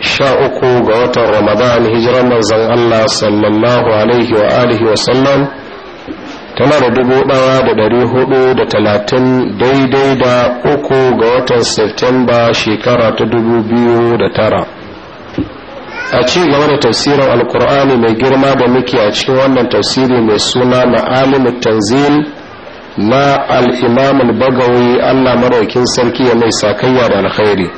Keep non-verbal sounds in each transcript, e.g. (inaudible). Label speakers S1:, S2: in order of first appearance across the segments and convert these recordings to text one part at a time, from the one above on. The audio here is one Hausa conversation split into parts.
S1: sha uku ga watan ramadan hijiran manzon Allah sallallahu alaihi wa alihi wa sallam tana da dubu ɗawa da dari hudu da talatin daidai da uku ga watan septemba shekara ta dubu biyu da tara a ci gaba da tafsirin alkur'ani mai girma da muke a cikin wannan tafsiri mai suna na Alimu tanzil na al'imam al-bagawi allah maraukin sarki ya mai sakayya da alkhairi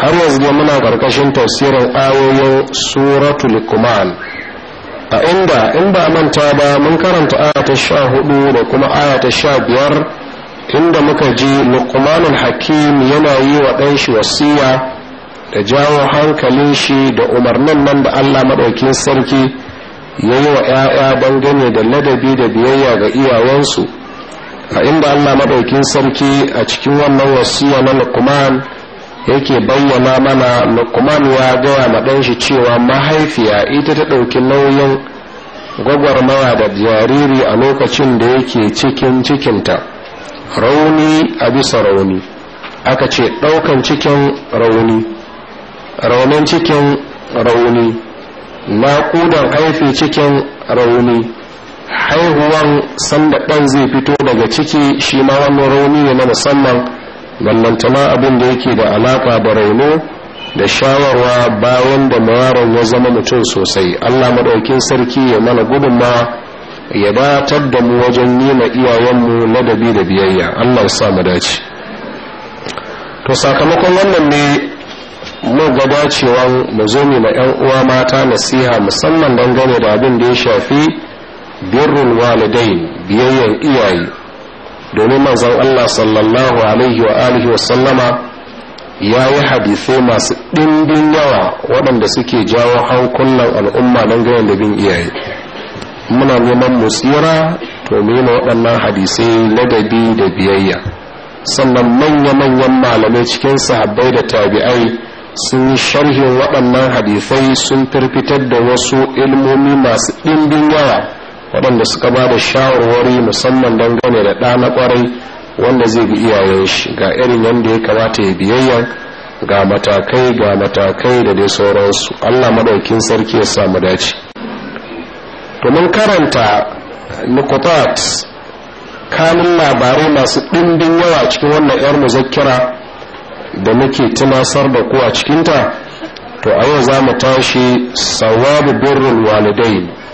S1: har yanzu ne muna karkashin tafsirin ayoyin suratul kuman a inda in ba manta ba mun karanta aya ta sha hudu da kuma aya ta sha biyar inda muka ji luqmanul hakim yana yi wa ɗan shi wasiya da jawo hankalin shi da umarnin nan da allah maɗaukin sarki ya yi wa 'ya'ya dangane da ladabi da biyayya ga iyayensu a inda allah maɗaukin sarki a cikin wannan wasiya na luqman yake bayyana mana lukman ya gaya ma ɗan shi cewa mahaifiya ita ta ɗauki nauyin gwagwarmaya da jariri a lokacin da yake cikin cikinta rauni a bisa rauni aka ce ɗaukan cikin rauni raunin cikin rauni naƙudan haifi cikin rauni haihuwan sanda ɗan zai fito daga ciki shi ma wani rauni ne na musamman ballantana abin da yake da alaƙa da raino da shawarwa bayan da mawaron ya zama mutum sosai allah maɗaukin sarki ya mana gudunma ya datar da mu wajen yi ma iyayenmu ladabi da biyayya allah ya sa mu dace to sakamakon wannan ne mu ga dacewa mu zo mu ma yan uwa mata nasiha musamman dangane da abin da ya shafi birrul walidain biyayyan iyaye domin manzon Allah sallallahu alaihi wa alihi wa sallama ya yi hadisai masu ɗimbin yawa waɗanda suke jawo hankulan al'umma don gayan da bin iyaye muna neman musira to mena waɗannan hadisai ladabi da biyayya sannan manya-manyan malamai cikin sahabbai da tabi'ai sun yi sharhin waɗannan hadisai sun firfitar da wasu ilmomi masu ɗimbin yawa waɗanda suka ba da shawarwari musamman dangane da ɗa na ƙwarai wanda zai bi iyayen shi ga irin yadda ya kamata ya biyayya ga matakai ga matakai da dai sauransu allah maɗaukin sarki ya samu dace to mun karanta nukutat kanin labarai masu ɗimbin yawa cikin wannan 'yar muzakkira da muke tunasar da ku a cikinta to a yau za mu tashi sawabu birrul walidain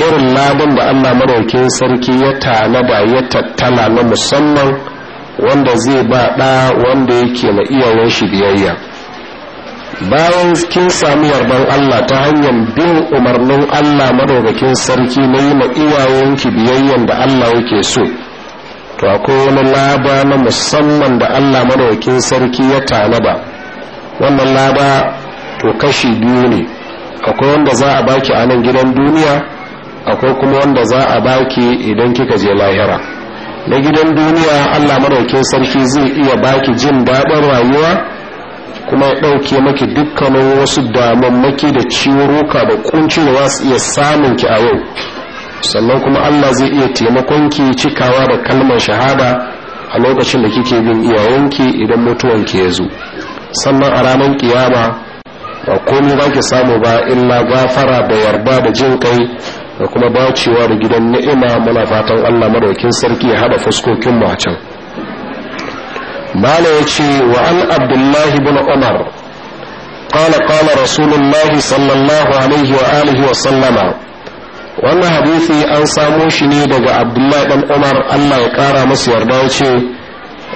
S1: irin ladin da allah maraukin sarki ya tanada ya tattala na musamman wanda zai ba ɗa wanda yake na iyayen shi biyayya bayan kin sami yarban allah ta hanyar bin umarnin allah maraukakin sarki na yi ma ki biyayyan da allah yake so to akwai wani laba na musamman da allah maraukin sarki ya tanada wannan laba to kashi biyu ne akwai wanda za a baki a nan gidan duniya akwai kuma wanda za a baki idan kika je lahira na gidan duniya allah madaukin sarki zai iya baki jin daɗin rayuwa kuma ya ɗauke maki dukkanin wasu damammaki da ciwuruka da kunci da za su iya samun ki a yau sannan kuma allah zai iya taimakon ki cikawa da kalmar shahada a lokacin da kike bin iyayenki idan mutuwanki ya zo sannan a ranar kiyama ba komai ba ki samu ba illa gafara da yarda da jin kai da kuma cewa da gidan ni'ima muna fatan Allah madaukin sarki ya hada fuskokin mu a can mala yace wa an abdullah ibn umar qala qala rasulullah sallallahu alaihi wa alihi wa sallama wannan hadisi an samo shi ne daga abdullah dan umar Allah ya kara masa yarda yace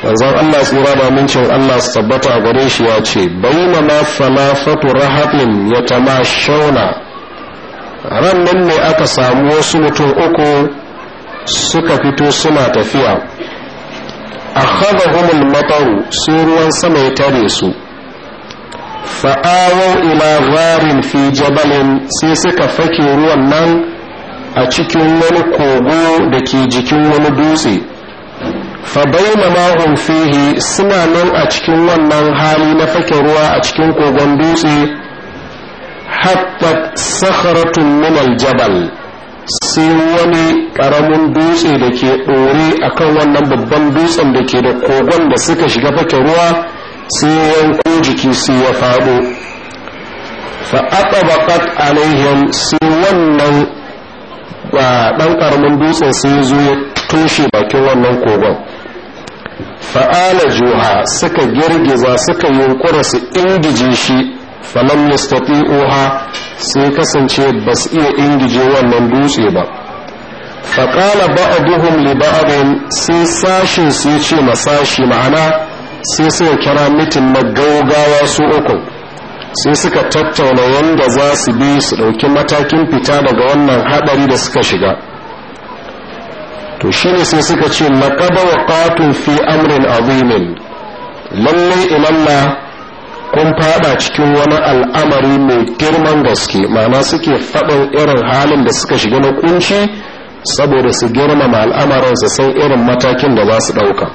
S1: manzon Allah tsira da mincin Allah su tabbata gare shi ya ce bai ma salafatu rahatin yatamashawna ran nan ne aka samu wasu mutum uku suka fito suna tafiya a humul mataru su ruwan sama ya tare su Fa'awar ila gharin fi jabalin sai suka fake ruwan nan a cikin wani kogo da ke jikin wani dutse fa bainama mahun fihi suna nan a cikin wannan hali na fake ruwa a cikin kogon dutse hattat sakharatun min jabal sai wani karamin dutse da ke ɗore akan wannan babban dutsen da ke da kogon da suka shiga fake ruwa sai yanko jiki sai ya faɗo fa'aɓaɓaɓat alaihim sai wannan dan karamin dutsen sai zo ya toshe bakin wannan kogon fa'ala juha suka girgiza suka yunkura su ingije shi falam oha sai kasance ba su iya ingije wannan dutse ba faƙala a duhun ba'adin sai sashin sai ce ma sashi ma'ana sai suka kira mitin na gaugawa su uku sai suka tattauna wanda za su bi su ɗauki matakin fita daga wannan haɗari da suka shiga to shi ne sai suka ce wa waqatun fi amrin azimin lallai ilallah kun fada cikin wani al'amari mai girman gaske ma'ana suke faɗin irin halin da suka shiga na kunci saboda su girmama al'amarin su san irin matakin da za su ɗauka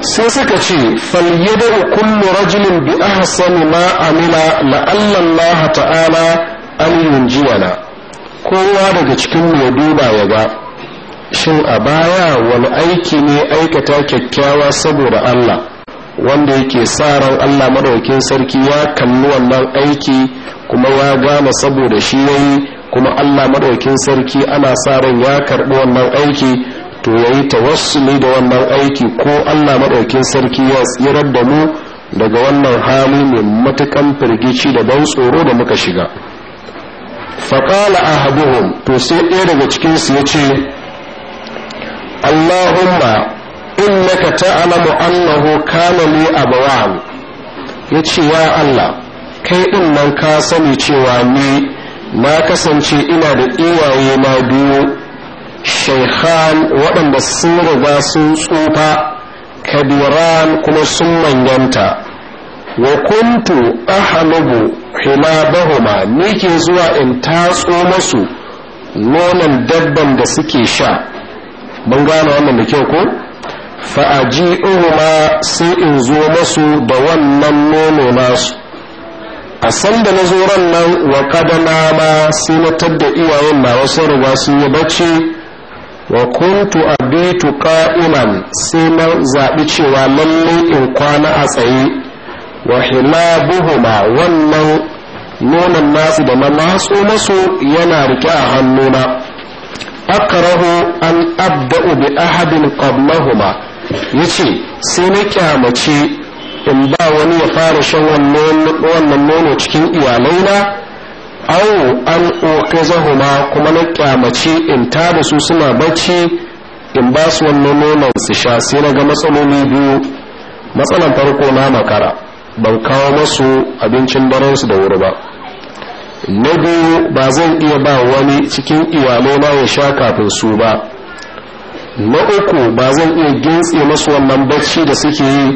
S1: sai suka ce falyada kullu rajulin bi ahsani ma amila na Allah ta'ala an yunjiyana kowa daga cikin mu ya duba ya ga shin a baya wani aiki ne aikata kyakkyawa saboda Allah wanda yake sa ran Allah madaukin sarki ya kalli wannan aiki kuma ya gane saboda shi yayi kuma Allah madaukin sarki ana sa ran ya karbi wannan aiki to yayi tawassuli da wannan aiki ko Allah madaukin sarki ya tsirar da mu daga wannan hali mai matukan firgici da ban tsoro da muka shiga faƙala ahaduhum to sai ɗaya daga cikinsu ya ce allahumma innaka ta'lamu annahu kana li abwan yace ya Allah kai din nan ka sani cewa ni na kasance ina da iyaye na biyu shaykhan waɗanda sun riga sun tsufa kabiran kuma sun manyanta wa kuntu ahlubu hilabahuma ni ke zuwa in tatso masu nonon dabban da suke sha mun gane wannan da kyau ko Fa'aji fa'aji'uhuma sai in zo masu da wannan nono nasu a sanda na zoron nan wa kadana ma sai na tadda iyayen na wasu ruwa sun yi bacci wa kuntu abitu qa'iman sai na zaɓi cewa lallai in kwana a tsaye wa hilabuhuma wannan nonon nasu da na matso masu yana rike a hannuna akrahu an abda'u bi ahadin qablahuma yace sai na kyamace in ba wani ya fara shan wannan nono cikin iyalaina au an okazahuma kuma na kyamace in ta da su suna bacci in ba su wannan nonon su sha sai na ga matsaloli biyu matsalan farko na makara ban kawo masu abincin baransu da wuri ba na biyu ba zan iya ba wani cikin iyalaina ya sha kafin su ba na uku ba zan iya gintse masu wannan bacci da suke yi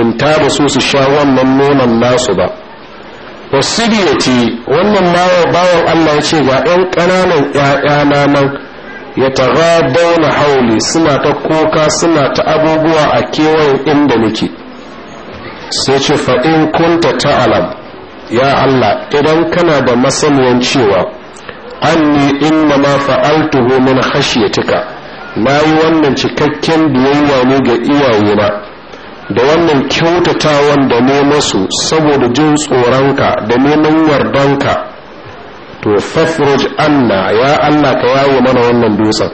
S1: in ta da su su sha wannan nonon nasu ba wasibiyati wannan mawa bawan allah ya ce ga 'yan ƙananan 'ya'yana nan ya tara dauna hauli suna ta koka suna ta abubuwa a kewayen inda nake sai ce fa'in kunta ta'alam ya allah idan kana da masaniyan cewa anni inna ma fa'altuhu min khashyatika na yi wannan cikakken biyayya ne ga iyayena da wannan kyautatawan da ne masu saboda jin tsoronka da neman yardanka to fafruj anna ya allah ka yawo mana wannan dutsen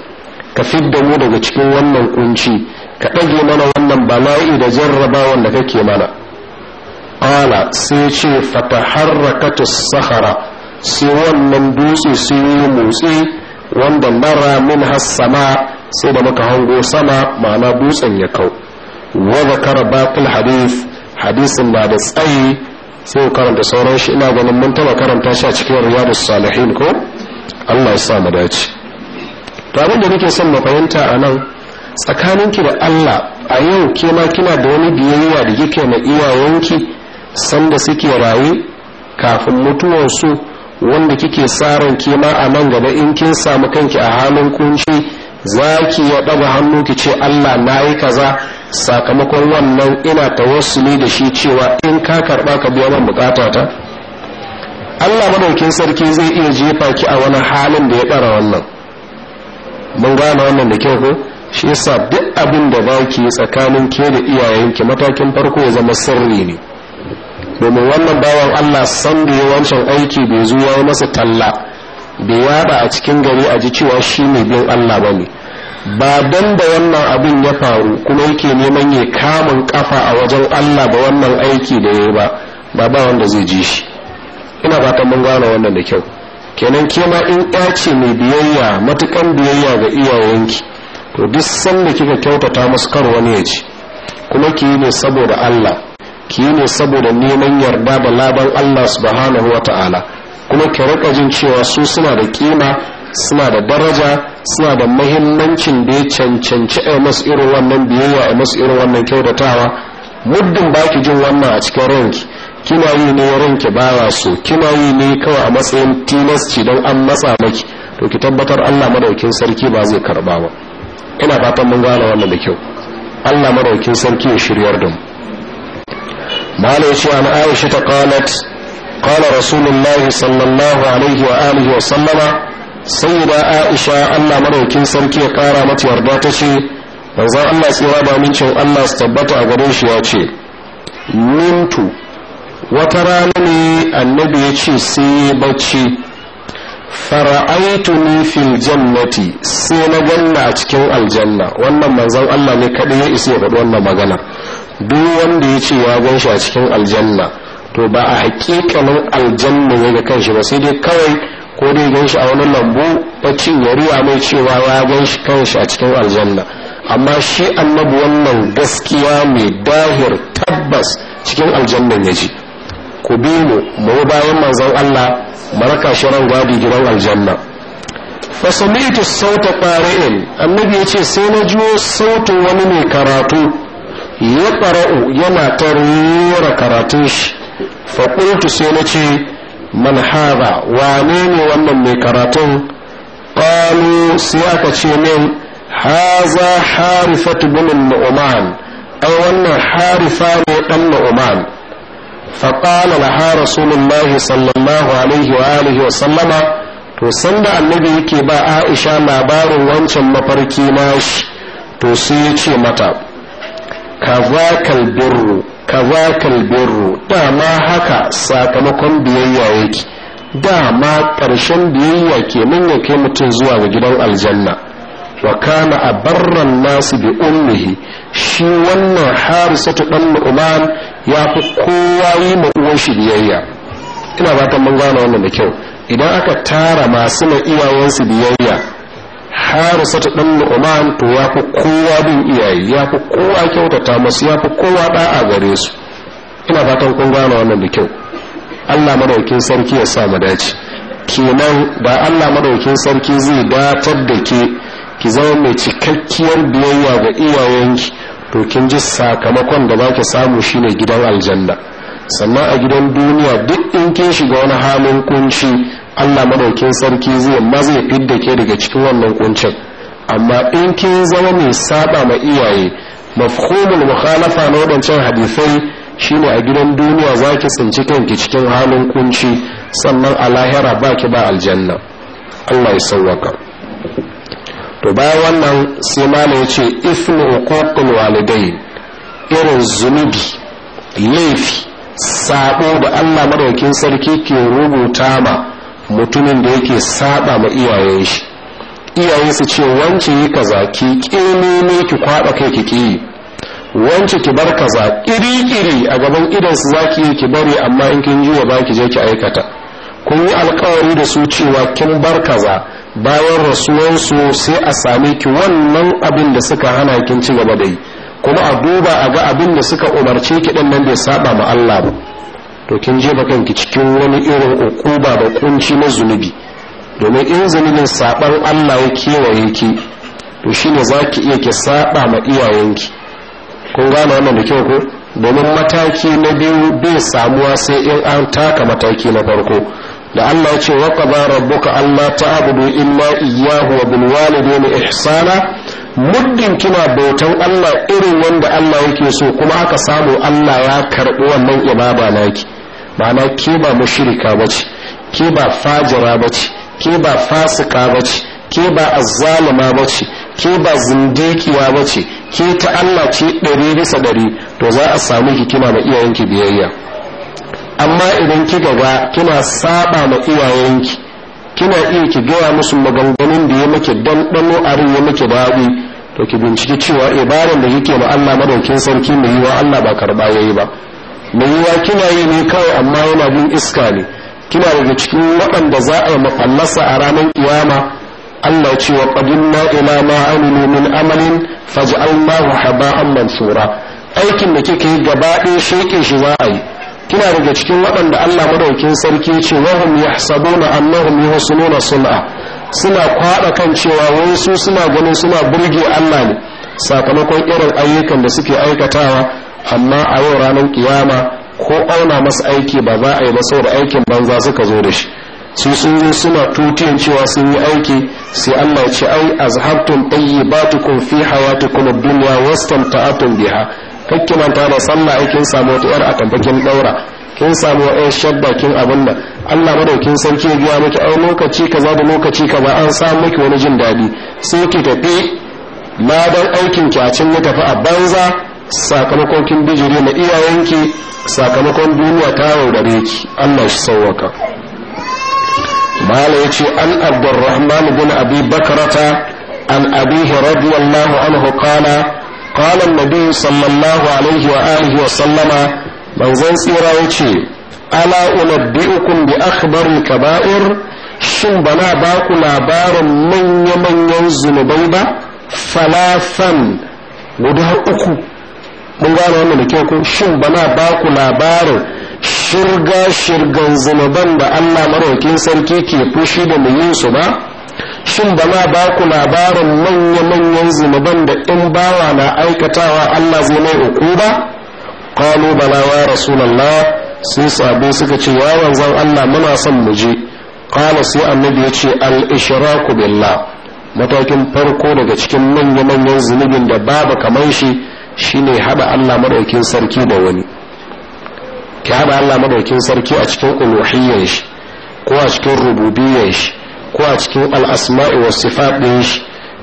S1: ka fidda mu daga cikin wannan kunci ka ɗage mana wannan bala'i da jarrabawan da kake mana ƙala sai ce harrakatu sahara sai wannan dutse sai yi motsi wanda mara min hassama sai da muka hango sama ma'ana dutsen ya kau wa zakara batil hadith hadisin na da tsayi sai karanta sauran shi ina ganin mun taba karanta shi a cikin riyadus salihin ko Allah ya sa mu dace to abin da nake son mu fahimta a nan tsakaninki da Allah a yau ke ma kina da wani biyayya da kike na iyayenki sanda suke rayu kafin mutuwar su wanda kike sa ran ke ma a nan gaba in kin samu kanki a halin kunci za ki ya ɗaga hannu ki ce Allah na yi kaza sakamakon wannan ina ta wasu ne da shi cewa in ka karɓa ka biya man bukata ta Allah madaukin sarki zai iya jefa ki a wani halin da ya ɗara wannan mun gane wannan da kyau ko shi yasa duk abin da ba ki tsakanin ke da iyayenki matakin farko ya zama sirri ne domin wannan bawan Allah san da yawancin aiki bai zuwa masa talla da ba a cikin gari a ji cewa shi mai bin Allah ba ne ba dan da wannan abin ya faru kuma yake neman ya kamun kafa a wajen Allah ba wannan aiki da ya ba ba ba wanda zai ji shi ina fatan mun gane wannan da kyau kenan ke in ya ce mai biyayya matukan biyayya ga iyayenki to duk sanda kika kyautata musu kar wani ya ci kuma ki yi ne saboda Allah ki yi ne saboda neman yarda da laban Allah subhanahu wa ta'ala kuma ka rika jin cewa su suna da kima suna da daraja suna da mahimmancin da ya cancanci a masu irin wannan biyayya a masu irin wannan kyautatawa muddin ba ki jin wannan a cikin ranki kina yi ne ranki baya so kina yi ne kawai a matsayin tilasci don an matsa maki to ki tabbatar Allah madaukin sarki ba zai karba ba ina fatan mun gane wannan da kyau Allah madaukin sarki ya shiryar da mu malai ce an Aisha ta qalat قال رسول الله صلى الله عليه وآله وسلم سيدة عائشة أن مريك سركي قال مت يرضاتشي يزا الله سيرابا من شو الله استبت أغريش ياتشي نمت وترانني النبي سيبتشي fara'aytuni fil jannati sai na ganna a cikin aljanna wannan manzon Allah ne kadai ya isa ya faɗi wannan magana duk wanda ya ce ya gan shi a cikin aljanna to ba a hakikalin aljanna ya ga kanshi ba sai dai kawai ko dai gan shi a wani lambu ta ya mai cewa ya gan shi kanshi a cikin aljanna amma shi annabi wannan gaskiya mai dahir tabbas cikin aljanna ya ji ku bi mu mu bayan manzon Allah maraka shi ran gadi gidan aljanna fa sami'tu sauta qari'in annabi yace sai na ji sautin wani mai karatu ya qara'u yana ta karatun shi faƙultu sai nace ce man hada wa ne wannan mai karatun ƙalu sai aka ce min haza harifatu binin nu'uman ai wannan harifa ne ɗan nu'uman faƙala laha rasulullahi sallallahu alaihi wa alihi wa sallama to sanda annabi yake ba aisha labarin wancan mafarki na shi to sai ya ce mata ka za birru كذاك البر haka sakamakon biyayya yake يكي dama ƙarshen biyayya ke ya kai mutum zuwa ga gidan aljanna wa kana a barran nasu bi ummihi shi wannan harisatu dan nu'man ya fi kowa yi ma uwan shi biyayya ina fatan mun gane wannan da kyau idan aka tara masu na iyayensu biyayya ta ɗan lu'uman to ya fi kowa bin iyaye ya fi kowa kyautata masu ya fi kowa ɗa'a gare su ina fatan kun gane wannan da kyau allah madaukin sarki ya sa mu dace kenan da allah madaukin sarki zai datar da ke ki zama mai cikakkiyar biyayya ga iyayenki to kin ji sakamakon da zaki samu shine gidan aljanna sannan a gidan duniya duk in kin shiga wani halin kunci Allah madaukin sarki zai maza zai fidda ke daga cikin wannan kuncin amma in kin zama mai saba ma iyaye mafhumul mukhalafa na wadancan hadisai shine a gidan duniya zaki tsinci kanki cikin halin kunci sannan a lahira baki ba aljanna Allah ya sauwaka to bayan wannan sai malam ya ce ismu uququl walidain irin zunubi laifi sabo da Allah madaukin sarki ke rubuta ma mutumin da yake saba ma iyayen shi iyaye su ce wance yi kaza ki ne ki kwada kai ki ki wance ki bar kaza iri iri a gaban idan su zaki yi ki bari amma in kin ji wa baki je ki aikata kun yi alkawari da su cewa kin bar kaza bayan rasuwansu sai a same ki wannan abin da suka hana kin ci gaba da yi kuma a duba a ga abin da suka umarce ki din nan bai saba ma Allah ba to kin ba kanki cikin wani irin ukuba da kunci na zunubi domin in zunubin saban Allah ya kewaye ki to shine zaki iya ki saba ma iyayenki kun gane wannan da kyau ko domin mataki na biyu bai samuwa sai in an taka mataki na farko da Allah ya ce wa qada rabbuka alla ta'budu illa iyyahu wa bil walidayni ihsana muddin kina bautan Allah irin wanda Allah yake so kuma aka samu Allah ya karbi wannan ibada naki ma'ana ke ba mushrika bace ke ba fajira bace ke ba fasika bace ke ba azzalima bace ke ba zindikiya bace ke ta Allah ce ɗari bisa ɗari to za a samu hikima ma iyayenki biyayya amma idan kika ga kina saba ma iyayenki kina iya ki gaya musu maganganun da ya make dano a ya make daɗi to ki binciki cewa ibaran da yake ma Allah madaukin sarki mai yiwa Allah ba karba yayi ba mai yiwa kina yi ne kawai amma yana bin iska ne kina daga cikin waɗanda za a yi mafallasa a ranar kiyama Allah ce wa qadimna ila ma amilu min amalin faj'alnahu haba'an mansura aikin da kika yi gaba ɗaya sheke shi za a yi kina daga cikin waɗanda Allah madaukin sarki ce wa hum yahsabuna annahum yuhsinuna sun'a suna kwaɗa kan cewa wasu su suna ganin suna burge Allah ne sakamakon irin ayyukan da suke aikatawa amma a yau ranar kiyama ko auna masa aiki ba za a yi ba saboda aikin banza suka zo da shi su sun yi suna tutiyan cewa sun yi aiki sai Allah ce ai azhabtum tayyibatukum fi hayatikum ad-dunya wastamta'atum biha manta da sallah aikin samu wata yar atabakin ɗaura kin samu ɗan shadda kin abin nan Allah madaukin sarki ya biya miki ai lokaci kaza da lokaci kaza an samu miki wani jin daɗi sai ki tafi ladan aikin ki a cin ya tafi a banza sakamakon kin bijire na iyayenki sakamakon duniya ta yaudare ki Allah shi sauwaka mala ya ce an abdurrahman bin abi bakarata an abihi radiyallahu anhu qala qala an-nabi sallallahu alaihi wa alihi wa sallama manzon tsira yace ce ala unabbi'ukum bi akhbaril kaba'ir shin bana ba ku labarin manya-manyan zunubai ba falafan guda uku mun gano wannan da kyau ko shin bana ba ku labarin shirga shirgan zunuban da Allah maraukin sarki ke fushi da mu su ba shin ba na ba ku labarin manya-manyan zunuban da in bawa na aikatawa Allah zai mai uku ba? Kalu bala wa Rasulallah sun sabo suka ce ya wanzan Allah muna son mu je. Kala sai annabi ya ce al-ishraku billah matakin farko daga cikin manya-manyan zunubin da babu kamar shi Shi shine haɗa Allah maɗaukin sarki da wani ki haɗa Allah maɗaukin sarki a cikin uluhiyyar shi ko a cikin rububiyyar shi ko a cikin al'asma'i wa sifaɗin shi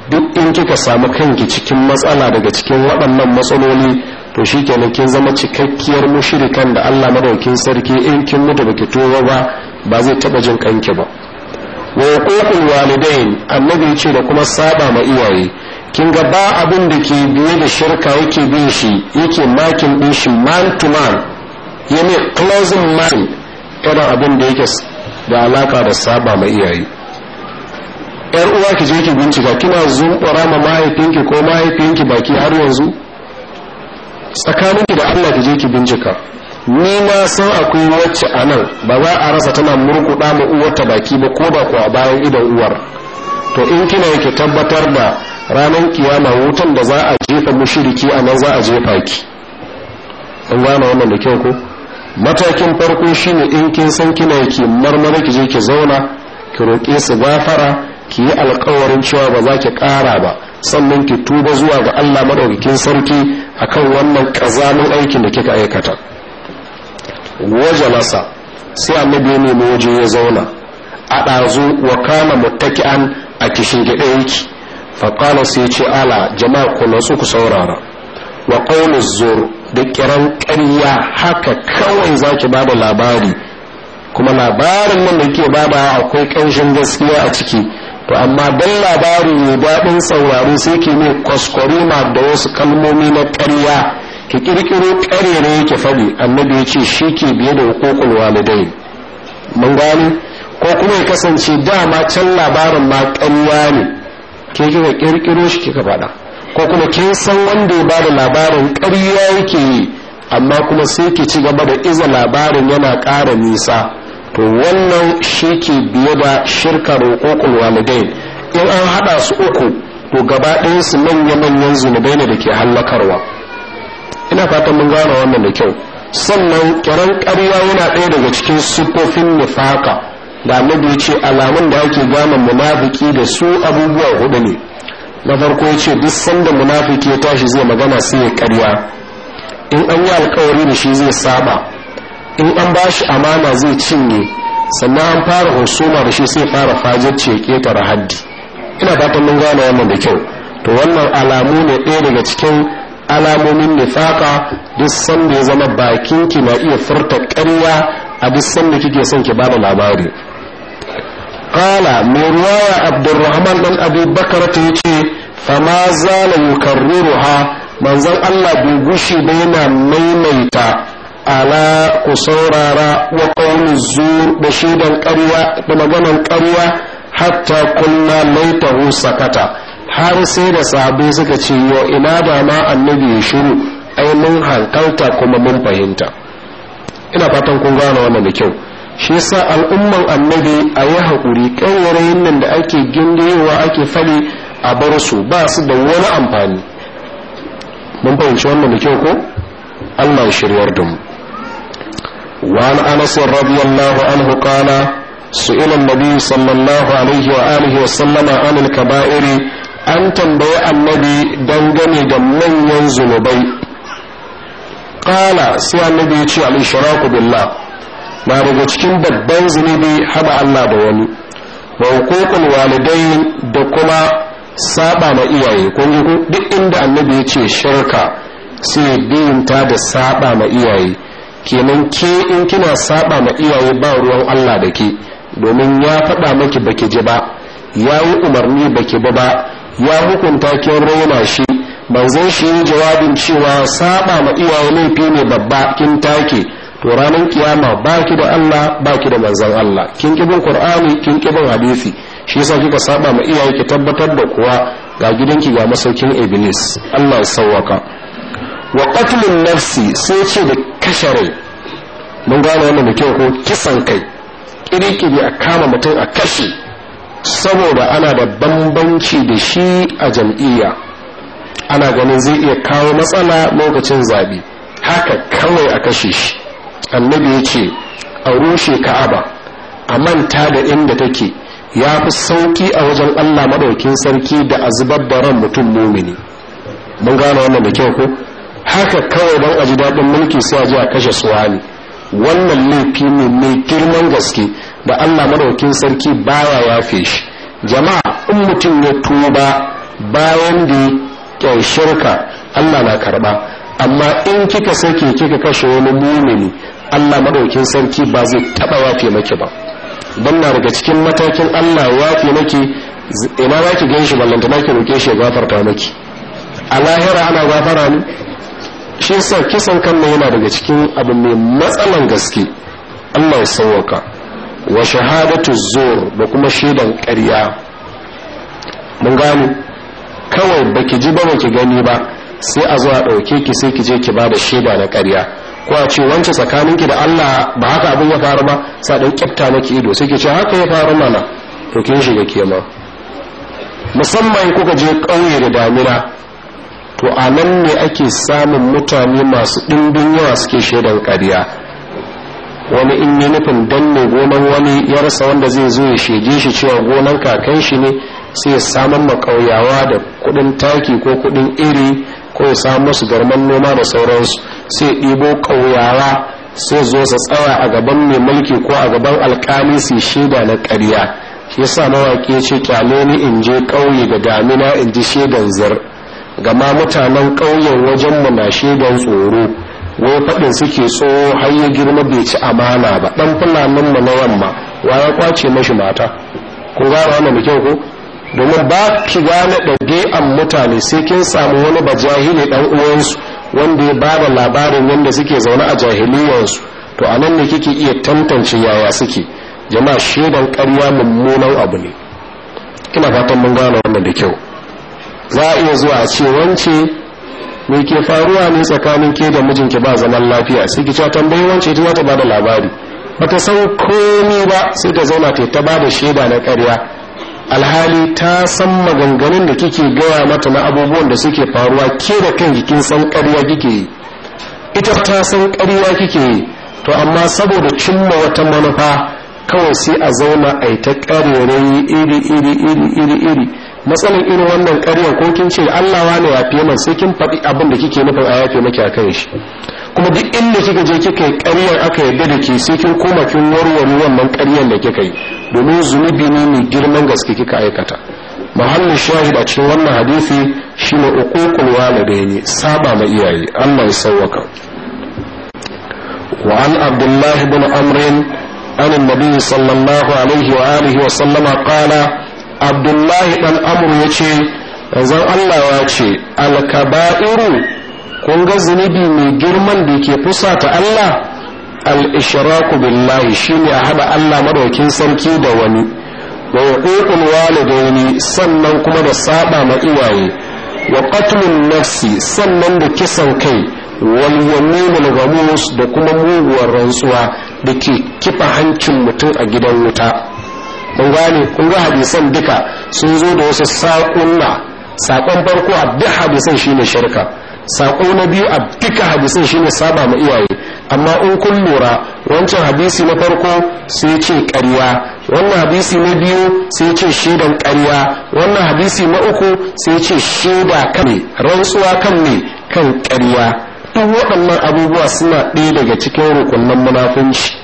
S1: duk in kika samu kanki cikin matsala daga cikin waɗannan matsaloli to shi kenan kin zama cikakkiyar mushirikan da Allah maɗaukin sarki in kin mutu baki tuba ba ba zai taɓa jin kanki ba wa uqul walidain annabi ce da kuma saba ma iyaye kin ga ba abin da ke biye da shirka yake bin shi yake makin din shi man to man ya ne closing man irin abin da yake da alaka da saba mai iyaye yar uwa ki je ki bincika kina zumbura ma mahaifinki ko mahaifinki baki har yanzu tsakaninki da Allah ki je ki bincika ni na san akwai wacce a nan ba za a rasa tana murkuɗa ma uwarta baki ba ko ba kuwa bayan idan uwar to in kina yake tabbatar da ranar kiyama wutan da za a jefa mushiriki a nan za a jefa ki an gane wannan da kyau ko matakin farko shine in kin san kina ki marmara ki je ki zauna ki roƙe su gafara ki yi alkawarin cewa ba za ki ƙara ba sannan ki tuba zuwa ga Allah maɗaukakin sarki akan wannan ƙazamin aikin da kika aikata waje masa sai annabi ne mu waje ya zauna a ɗazu wa kama muttaki'an a kishin gida yake faƙala sai ce ala jama'a kula su ku saurara wa ƙaunar da kiran ƙarya haka kawai za ki bada labari kuma labarin nan da ke baba akwai ƙanshin gaskiya a ciki to amma don labari ne daɗin sauraro sai ke ne kwaskwarima da wasu kalmomi na ƙarya ki ƙirƙiro ƙarere yake faɗi annabi ya ce shi ke biye da hukukul walidai mun ko kuma ya kasance dama can labarin ma ƙarya ne ke kika kirkiro shi kika faɗa ko kuma ke san wanda ya bada labarin ƙarya yake yi amma kuma sai ki ci gaba da iza labarin yana ƙara nisa to wannan shi ke biye da shirka roƙoƙul walidain in an haɗa su uku to gaba ɗayansu manya-manyan zunubai ne da ke hallakarwa ina fatan mun gane wannan da kyau sannan kiran ƙarya yana ɗaya daga cikin siffofin nufaka. da annabi ya ce alamun da ake gane munafiki da su abubuwa hudu ne na farko ya ce duk sanda munafiki ya tashi zai magana sai ya karya in an yi alkawari da shi zai saba in an ba shi amana zai cinye sannan an fara husuma da shi sai fara fajirce ketare haddi ina fatan mun gane wannan da kyau to wannan alamu ne ɗaya daga cikin alamomin nifaka duk sanda ya zama bakinki na iya furta karya a duk sanda kike son ki bada labari qala mai ruwaya abdurrahman dan abu bakar ta yace fama zala yukarriruha manzon Allah bai gushi ba yana maimaita ala ku saurara wa qawlu zur da shaidan ƙarya da maganan ƙarya hatta kunna laitahu sakata har sai da sahabbai suka ce yo ina dama ma annabi ya shiru ai mun hankalta kuma mun fahimta ina fatan kun gane wannan da kyau shi yasa al'umman annabi a yi haƙuri ƙayyarayin nan da ake gindiyowa ake fali a bar su ba su da wani amfani mun fahimci wannan da kyau ko Allah ya shiryar da mu wa an anas radiyallahu anhu kana su'ila an-nabi sallallahu alaihi wa alihi wa sallama an al-kaba'ir an tambaye annabi dangane da manyan zunubai qala sai annabi ya ce al-ishraku billah na daga cikin babban zunubi haɗa Allah da wani wa hukukul walidai da kuma saba ma iyaye kun ji duk inda annabi ya ce shirka sai biyunta da saba ma iyaye kenan ke in kina saba ma iyaye ba ruwan Allah da ke domin ya faɗa maki baki ji ba ya yi umarni baki ba ba ya hukunta kin raina shi manzon shi jawabin cewa saba ma iyaye laifi ne babba kin take to ranar kiyama ba ki da Allah ba ki da manzan Allah kin kibin Qur'ani kin kibin hadisi shi yasa kika saba ma iyaye ki tabbatar da kuwa ga gidanki ga masaukin Iblis Allah ya sawwaka wa qatlun nafsi sai ce da kashare mun gane wannan da kyau ko kisan kai ƙirƙiri a kama mutum a kashe saboda ana da bambanci da shi a jam'iyya ana ganin zai iya kawo matsala lokacin zaɓe haka kawai a kashe shi annabi ya ce a rushe ka'aba a manta da inda take ya fi sauki a wajen allah maɗaukin sarki da a zubar da ran mutum mumini mun gane wannan da kyau ko haka kawai don a ji daɗin mulki sai a ji a kashe suwani wannan laifi ne mai girman gaske da allah maɗaukin sarki baya yafe shi jama'a in mutum ya tuba bayan da ya shirka allah na karɓa amma in kika sake kika kashe wani mumini Allah madaukin sarki ba zai taba wafe maki ba don na daga cikin matakin Allah wafe maki ina za ki gan shi ballanta na ki roke shi gafarta maki a lahira ana gafara ne shi sa kisan kan yana daga cikin abu mai matsalan gaske Allah ya sauwaka wa shahadatu zur da kuma shaidan ƙarya mun gane kawai baki ji ba baki gani ba sai a zo a ɗauke ki sai ki je ki ba da shaida na ƙarya ko a ce wancan tsakaninki da Allah ba haka abin ya faru ba sa dan kyafta maki ido sai ki ce haka ya faru mana to kin shiga kema musamman kuka je ƙauye da damina to a nan ne ake samun mutane masu ɗimbin yawa suke shaidan ƙarya wani in yi nufin danne gonan wani ya rasa wanda zai zo ya shege shi cewa gonan kakan shi ne sai ya samun makauyawa da kuɗin taki ko kuɗin iri ko ya samu musu garman noma da sauransu sai ɗibo ƙauyawa sai zo su tsara a gaban mai mulki ko a gaban alkali su shaida na ƙarya shi yasa mawaƙi ce kyale ni in je ƙauye da damina in ji shaidan zar gama mutanen ƙauyen wajen mu na shaidan tsoro wai faɗin suke so har ya girma bai ci amana ba ɗan fulanin mu na yamma wa ya kwace mashi mata ko gara wannan da kyau ko domin ba ki gane an mutane sai kin samu wani ba jahili ɗan uwansu wanda ya ba da labarin yadda suke zaune a jahiliyarsu to a nan ne kike iya tantance yaya suke jama'a shaidan ƙarya mummunan abu ne ina fatan mun gane wannan da kyau za a iya zuwa a ce wance me ke faruwa ne tsakanin ke da mijinki ba zaman lafiya sai ki ta tambayi wance ita za ta ba da labari bata san komi ba sai ta zauna ta ta ba da shaida na karya. alhali ta san maganganun da kike gaya mata na abubuwan da suke faruwa ke da kan jikin san ƙarya kike yi ita ta san ƙarya kike yi to amma saboda cimma wata manufa kawai sai a zauna a yi ta iri iri iri iri iri matsalan irin wannan ƙaryar ko kin ce Allah ne ya fiye sai kin faɗi abin da kike nufin a yafe maki a kan shi kuma duk inda kika je kika yi ƙaryar aka yarda da ke sai kin koma kin warware wannan ƙaryar da kika yi domin zunubi ne mai girman gaske kika aikata mahallin shahid a cikin wannan hadisi shine uququl walidaini saba ma iyaye Allah ya sauwaka wa an abdullahi bin amrin an annabi sallallahu alaihi wa alihi wa sallama qala abdullahi dan amru ya ce zan allah ya ce alkaba'iru kun ga zunubi mai girman da ke ta allah al-ishraku billahi shine a hada allah madaukin sarki da wani wa uqul walidaini sannan kuma da saba ma iyaye wa qatlun nafsi sannan da kisan kai walwamin gamus da kuma muguwar rantsuwa da ke kifa hancin mutum a gidan wuta kun gane kun ga hadisan duka sun zo da wasu saƙunna saƙon farko a duk hadisan shine shirka saƙo na biyu a duka hadisan shine saba ma iyaye amma in kun lura wancan hadisi na farko sai ce ƙarya wannan hadisi na biyu sai ce shaidan ƙarya wannan hadisi na uku sai ce shaida kan ne rantsuwa kan ne kan ƙarya duk waɗannan abubuwa suna ɗaya daga cikin rukunin munafunci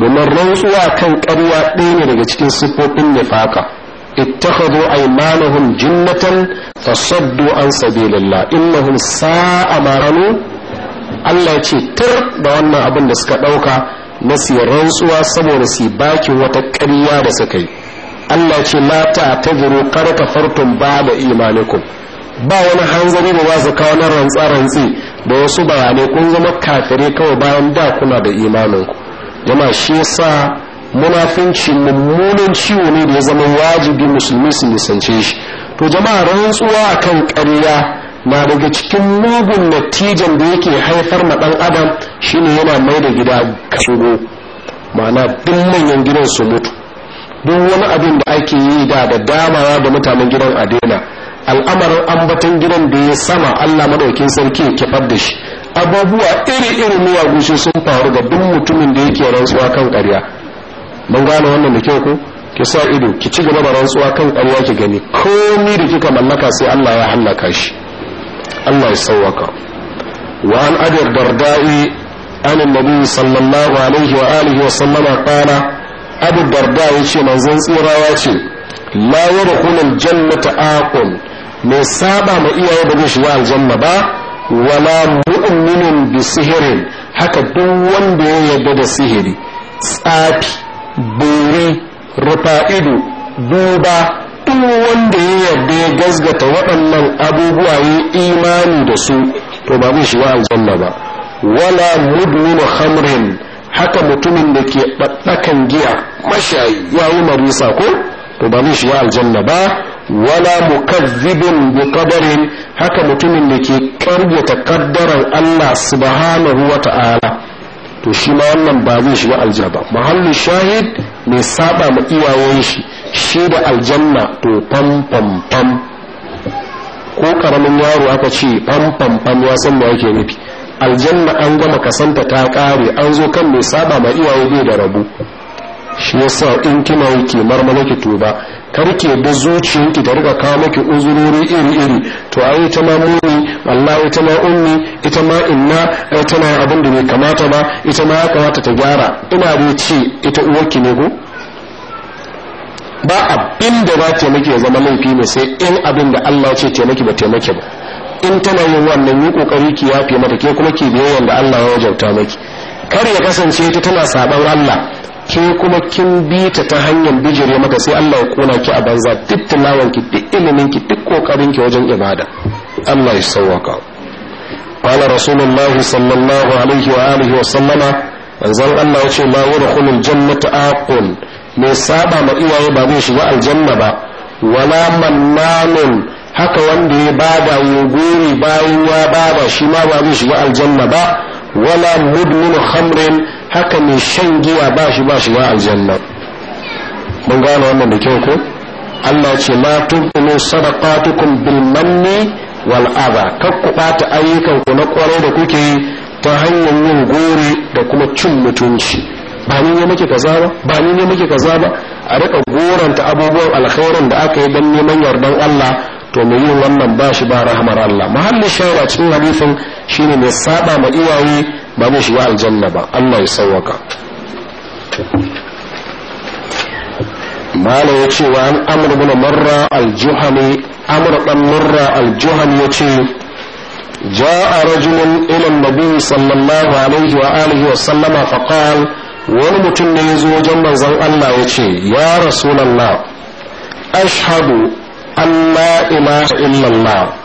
S1: domin rantsuwa kan karuwa ɗaya ne daga cikin siffofin nifaka ittakhadhu aymanahum jinnatan fasaddu an sabilillah innahum sa'a ma ranu Allah ce tar da wannan abin da suka ɗauka na su rantsuwa saboda su baki wata ƙarya da suka yi Allah ce la ka qad ba ba'da imanikum ba wani hanzari da za su kawo na rantsa-rantsi da wasu bayanai kun zama kafire kawai bayan da kuna da imaninku yana shi yasa munafinci mummunan ciwo ne da ya zama wajibi musulmi su nisance shi to jama'a rantsuwa kan karya na daga cikin mugun natijan da yake haifar na ɗan adam shine yana mai da gida kashigo ma'ana duk manyan gidan su mutu duk wani abin da ake yi da da damawa da mutanen gidan adena al'amarin ambaton gidan da ya sama allah madaukin sarki ya kifar da shi abubuwa iri-iri miyagu sun faru ga duk mutumin da yake rantsuwa kan ƙarya mun gane wannan da kyau ko ki sa ido ki ci gaba da rantsuwa kan ƙarya ki gani komi da kika mallaka sai Allah ya hallaka shi Allah ya sauwaka wa an ajar dardai an annabi sallallahu alaihi wa alihi wa sallama qala abu darda yace manzon tsirawa ce la yarhulul jannata aqul mai saba ma iyaye ba zai shiga aljanna ba wala mu'minun bi haka duk wanda ya yarda da sihiri tsafi buri rufa ido duba duk wanda ya yarda ya gazgata waɗannan abubuwa ya imani da su to ba zai shiga aljanna ba wala mudminu khamrin haka mutumin da ke ɗaɗɗakan giya mashayi ya yi marisa ko to ba zai shiga aljanna ba wala mukazzibin bi qadarin haka mutumin da ke karyata kaddaran Allah subhanahu wa ta'ala to shi ma wannan ba zai shiga aljanna ba mahallu shahid mai saba ma iyayen shi shi da aljanna to pam pam pam ko karamin yaro aka ce pam pam pam ya san me yake nufi aljanna an gama kasanta ta kare an zo kan mai saba ma iyaye bai da rabu shi yasa in kina yi ke marmala ki tuba karke da ki da riga kawo maki uzurori iri iri to ai ita ma muni wallahi ita ma ummi ita ma inna ai tana abin da bai kamata ba ita ma ya kamata ta gyara ina da ce ita ki ne go ba abin da ba taimaki ya zama laifi ne sai in abin da Allah ce taimaki ba taimaki ba in tana yin wannan yi kokari ki yafe mata ke kuma ki biyayya da Allah ya jauta maki kar ya kasance ita tana saban Allah ke kuma kin bi ta ta hanyar bijire maka sai Allah ya kona ki a banza duk tilawan ki ilimin ki duk kokarin ki wajen ibada Allah ya sauwaka qala rasulullahi sallallahu alaihi wa alihi wa sallama manzon Allah ya ce ma yadkhulul jannata aqul mai saba ma iyaye ba zai shiga aljanna ba wala mannanun haka wanda ya bada gori bayuwa ya bada shi ma ba zai shiga aljanna ba wala mudmin khamrin haka mai shan giya ba shi ba shiga aljanna mun gane wannan da kyau ko Allah ce ma tubtilu sadaqatukum bil manni wal adha kakku bata ayyukan ku na kwarai da kuke yi ta hanyar yin gore da kuma cin mutunci ba ni ne muke kaza ba ba ni ne muke kaza ba a rika goranta abubuwan alkhairin da aka yi dan neman yardan Allah to mai yin wannan bashi ba rahmar Allah mahallin shawara cikin hadisin shine mai saba ma iyaye ba zai shiga aljanna ba Allah ya sauwaka malam ya ce wa an amr ibn marra al-juhani amr dan marra al ya ce ja'a rajulun ila an-nabi sallallahu alaihi wa alihi wa sallama fa qala wani mutum ne ya zo wajen manzon Allah ya ce ya rasulullah ashhadu an illallah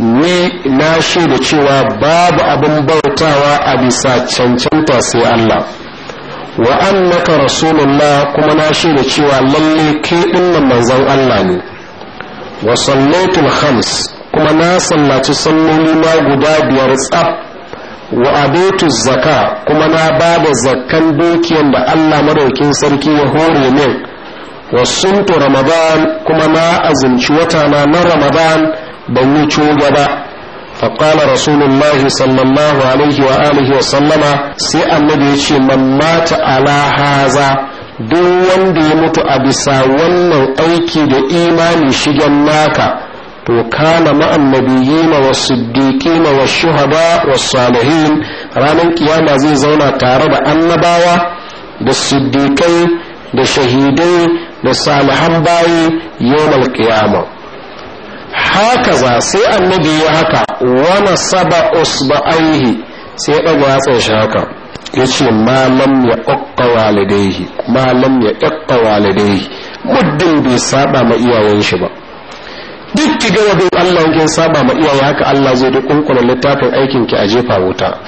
S1: ne na shaida cewa babu abin bautawa a bisa cancanta sai Allah wa annaka rasulullah kuma na shaida cewa lalle ke dinnan manzon Allah ne wa sallatul khams kuma na sallaci salloli na guda biyar tsaf wa abaitu zaka kuma na bada zakkan dukiyar da Allah madaukin sarki ya hore min wa suntu ramadan kuma na azumci wata na na ramadan ba wuce gaba فقال رسول الله صلى الله عليه وآله وسلم سي النبي يشي من مات على هذا duk wanda ya mutu a bisa wannan aiki da imani shigen naka to kana ma'an nabiyina wa siddiqina wa shuhada wa salihin ranar kiyama zai zauna tare da annabawa da siddiqai da shahidai da salihan bayi yawmal qiyamah haka za sai annabi ya haka wani saba aihi sai ya ɗaga yatsa shi haka ya ce malam ya ƙaƙƙa walidaihi malam ya ƙaƙƙa walidaihi muddin bai saba ma iyayen shi ba duk ki gama bin Allah yankin saba ma iyaye haka Allah zai duk kunkuna littafin aikin ki a jefa wuta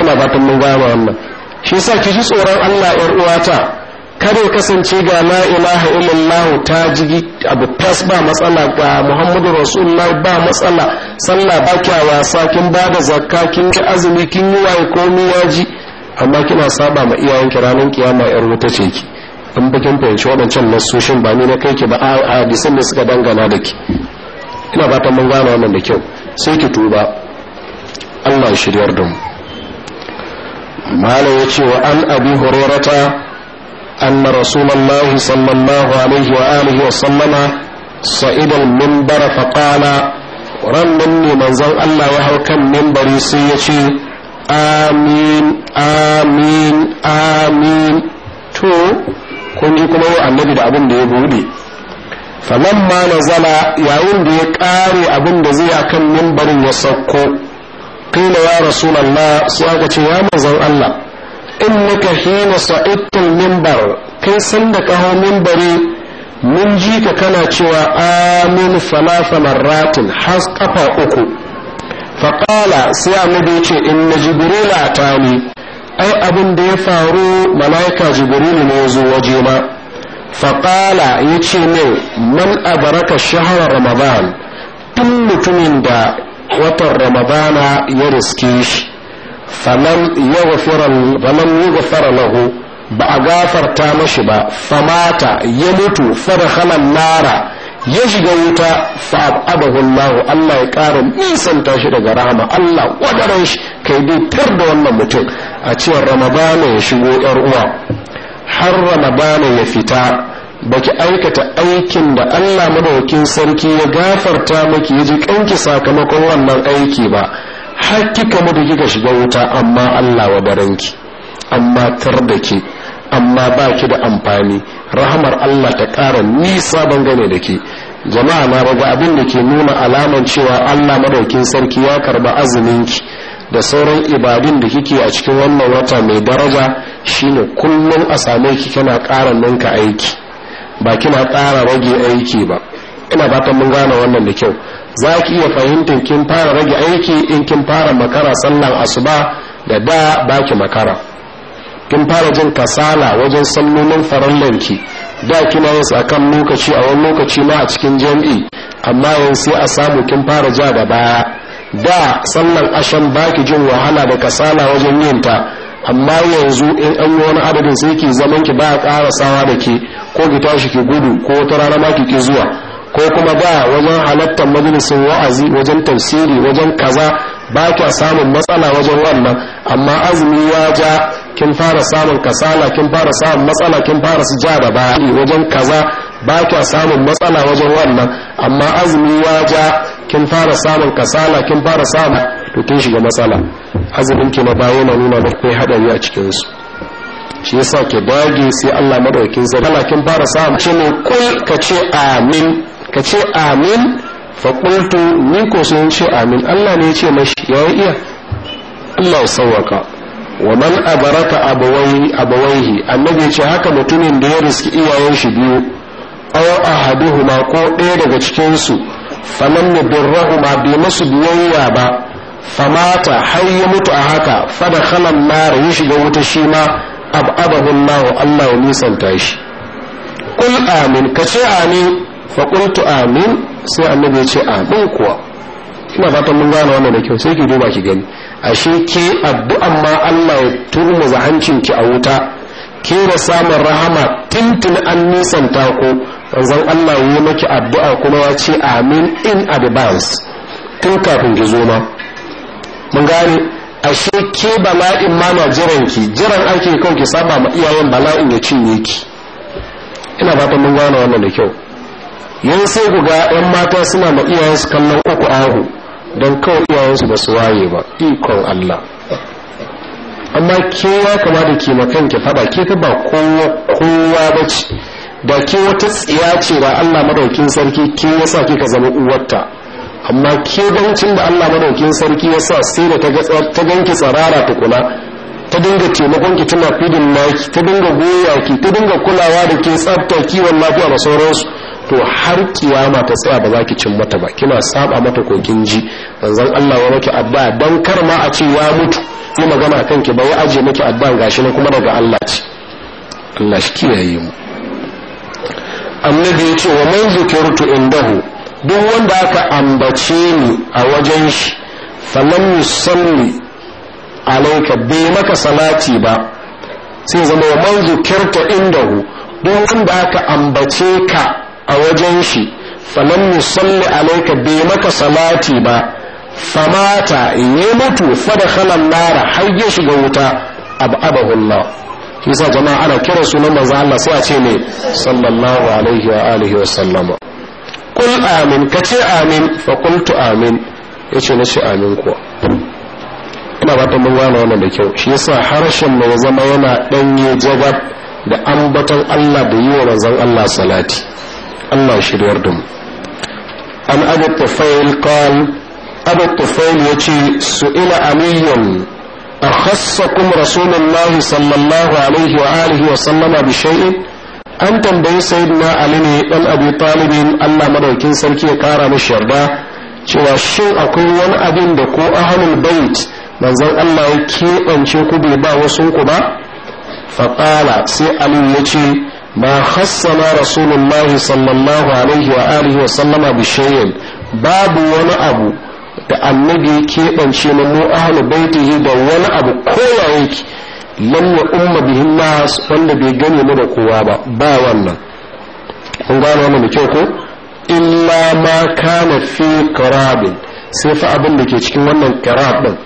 S1: ina fatan mun gama wannan shi sa ki ji tsoron Allah yar uwata kare kasance ga la ilaha illallah ta jigi abu tas ba matsala ga muhammadu rasulullah ba matsala sallah ba kya wasa kin ba da zakka kin ci azumi kin yi waye komai yaji amma kina saba ma iyayen ki ranar kiyama yar wuta ce ki in bakin fahimci waɗancan nasoshin ba ni na kai ki ba a hadisin da suka dangana da ki ina fatan mun gane wannan da kyau sai ki tuba Allah ya shiryar da mu malam ya ce wa an abi hurairata أن رسول الله صلى الله عليه وآله وسلم صعد المنبر فقال رمني من زن الله وهو كم من بريسيتي amin amin amin تو kun ji kuma yau annabi da abin da ya buɗe falamma na zala yayin da ya ƙare abin da zai akan mimbarin ya sauko na ya rasulallah su aka ce ya manzon Allah innaka hina sa'idtul minbar kai san da kaho minbari mun ji ka kana cewa amin falafa marratin has kafa uku faqala sai annabi ya ce inna jibril atani ai abin da ya faru malaika jibril ne ya zo waje ma faqala ya ce min man abaraka shahar ramadan tun mutumin da watan ramadana ya riske shi faman yaghfara lahu ba a gafarta mashi ba famata ya mutu halan nara ya shiga wuta fa'adahu Allah Allah ya ƙara nisanta shi daga rahma Allah wadaran shi kai dai tar da wannan mutum a cewar Ramadana ya shigo yar uwa har Ramadana ya fita baki aikata aikin da Allah madaukin sarki ya gafarta maki ya ji kanki sakamakon wannan aiki ba har kika da kika shiga wuta amma Allah wa daranki amma tar da ke amma ba ki da amfani rahamar Allah ta ƙara nisa bangane da ke jama'a na raga abin da ke nuna alaman cewa Allah madaukin sarki ya karba azuminki da sauran ibadun da kike a cikin wannan wata mai daraja shine kullum a same ki kana ƙara ninka aiki ba kina ƙara rage aiki ba ina fatan mun gane wannan da kyau za ki iya fahimtar kin fara rage aiki in kin fara makara sallan asuba da da baki makara kin fara jin kasala wajen sallolin farallanki da kina yin akan lokaci a wani lokaci ma a cikin jami'i amma yanzu sai a samu kin fara ja da baya da sallan ashan baki jin wahala da kasala wajen yin ta amma yanzu in an yi wani adadin sai ki zaman ki ba sawa da ke ko ki tashi ki gudu ko wata rana ma ki ki zuwa ko kuma ba wajen halattar majalisin wa'azi wajen tafsiri wajen kaza ba kya samun matsala wajen wannan amma azumi ya ja kin fara samun kasala kin fara samun matsala kin fara su ja da baya wajen kaza ba kya samun matsala wajen wannan amma azumi ya ja kin fara samun kasala kin fara samun to kin shiga matsala azumin ki na bayan na nuna da kai hadari a cikin su shi yasa ke dage sai Allah madaukin kala kin fara samun cin kul ka ce amin ka ce amin faƙultu ni ko sun ce amin allah ne ya ce mashi ya yi iya allah sauwaka wa man abarata abawaihi annabi ce haka mutumin da ya riski iyayen shi biyu aw ahaduhuma ko ɗaya daga cikinsu falam yudirrahuma bi masu biyayya ba famata har ya mutu a haka fada khalan nar ya shiga wuta shi ma ababahu Allah Allah ya nisanta shi kul amin ka ce amin faƙuntu amin sai annabi ya ce amin kuwa ina fatan mun gane wannan da kyau sai ki duba ki gani ashe ke addu'an ma Allah ya turmuza ki a wuta ke da samun rahama tuntun an nisanta ko manzon Allah ya yi maki addu'a kuma ya ce amin in advance tun kafin ki zo ma mun gane ashe ke bala'in ma na jiran ki jiran ake kawai ki saba ma iyayen bala'in ya cinye ki ina fatan mun gane wannan da kyau yan sai ku ga yan mata suna ma iyayensu kallon uku ahu don kawai iyayensu ba su waye ba ikon Allah amma ke ya kama da ke makan ki fada ke ta ba kowa kowa ba ce da ke wata tsiya ce da Allah madaukin sarki ke yasa kika zama uwarta amma ke dancin da Allah madaukin sarki yasa sai da ta ganki tsarara kula ta dinga taimakon ki tana fidin naki ta dinga goya ki ta dinga kulawa da ke tsafta kiwon lafiya da sauransu to har kiyama ta tsaya ba za ki cin mata ba kina saba mata kogin ji manzon Allah ya maki addu'a dan kar ma a ce ya mutu ni magana kan ki ba ya aje maki addu'a gashi ne kuma daga Allah ce Allah shi kiyaye mu annabi ya ce wa man zikirtu indahu duk wanda aka ambace ni a wajen shi falam yusalli alayka bai maka salati ba sai zama wa man zikirtu indahu duk wanda aka ambace ka a wajen shi falan musalli alaika bai maka salati ba famata ya mutu fada halar lara har ya shiga wuta abu abahullah sa jama'a ana kira sunan manzo Allah sai a ce ne sallallahu alaihi wa alihi wa sallama kul amin kace amin fa qultu amin yace na ce amin ko ina ba ta mun gane wannan da kyau shi yasa harshen mai zama yana danye jagab da ambaton Allah da yi wa manzon Allah salati Allah shiryar da mu an abu tufail qal abu tufail yace su'ila aliyun akhassakum rasulullahi sallallahu alaihi wa alihi wa sallama bi shay'in an tambayi sayyidina ali ne dan abu talibin Allah madaukin sarki ya kara mishi yarda cewa shin akwai wani abin da ko ahlul bait manzon Allah ya keɓance ku bai ba wasu ku ba Faƙala sai ali yace ما خصنا رسول الله صلى الله عليه وآله وسلم بشيء باب ولا أبو da annabi ya keɓance na mu ahlu baitihi da wani abu kowa yake lamma umma bihin nas wanda bai gane mu da kowa ba ba wannan kun gano mu da kyau ko illa ma kana fi karabin. sai fa abin da ke cikin wannan qarab din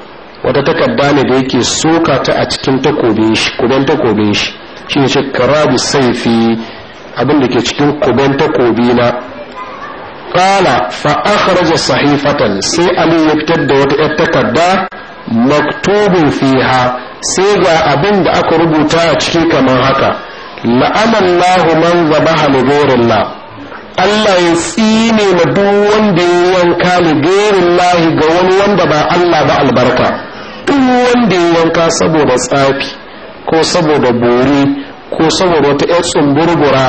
S1: wata takarda ne da yake soka ta a cikin takobin shi kudan takobin shi shi ne ce saifi abinda ke cikin kuben takobi na ƙala fa'akarajar sahifatan sai ali ya fitar da wata 'yar takarda maktubin fiha sai ga abin da aka rubuta a ciki kamar haka la'amallahu man zabaha ligorillah Allah ya tsine ma duk wanda ya wanka ligorillah ga wani wanda ba Allah ba albarka duk wanda ya wanka saboda tsafi ko saboda bori ko saboda wata 'yar tsumburgura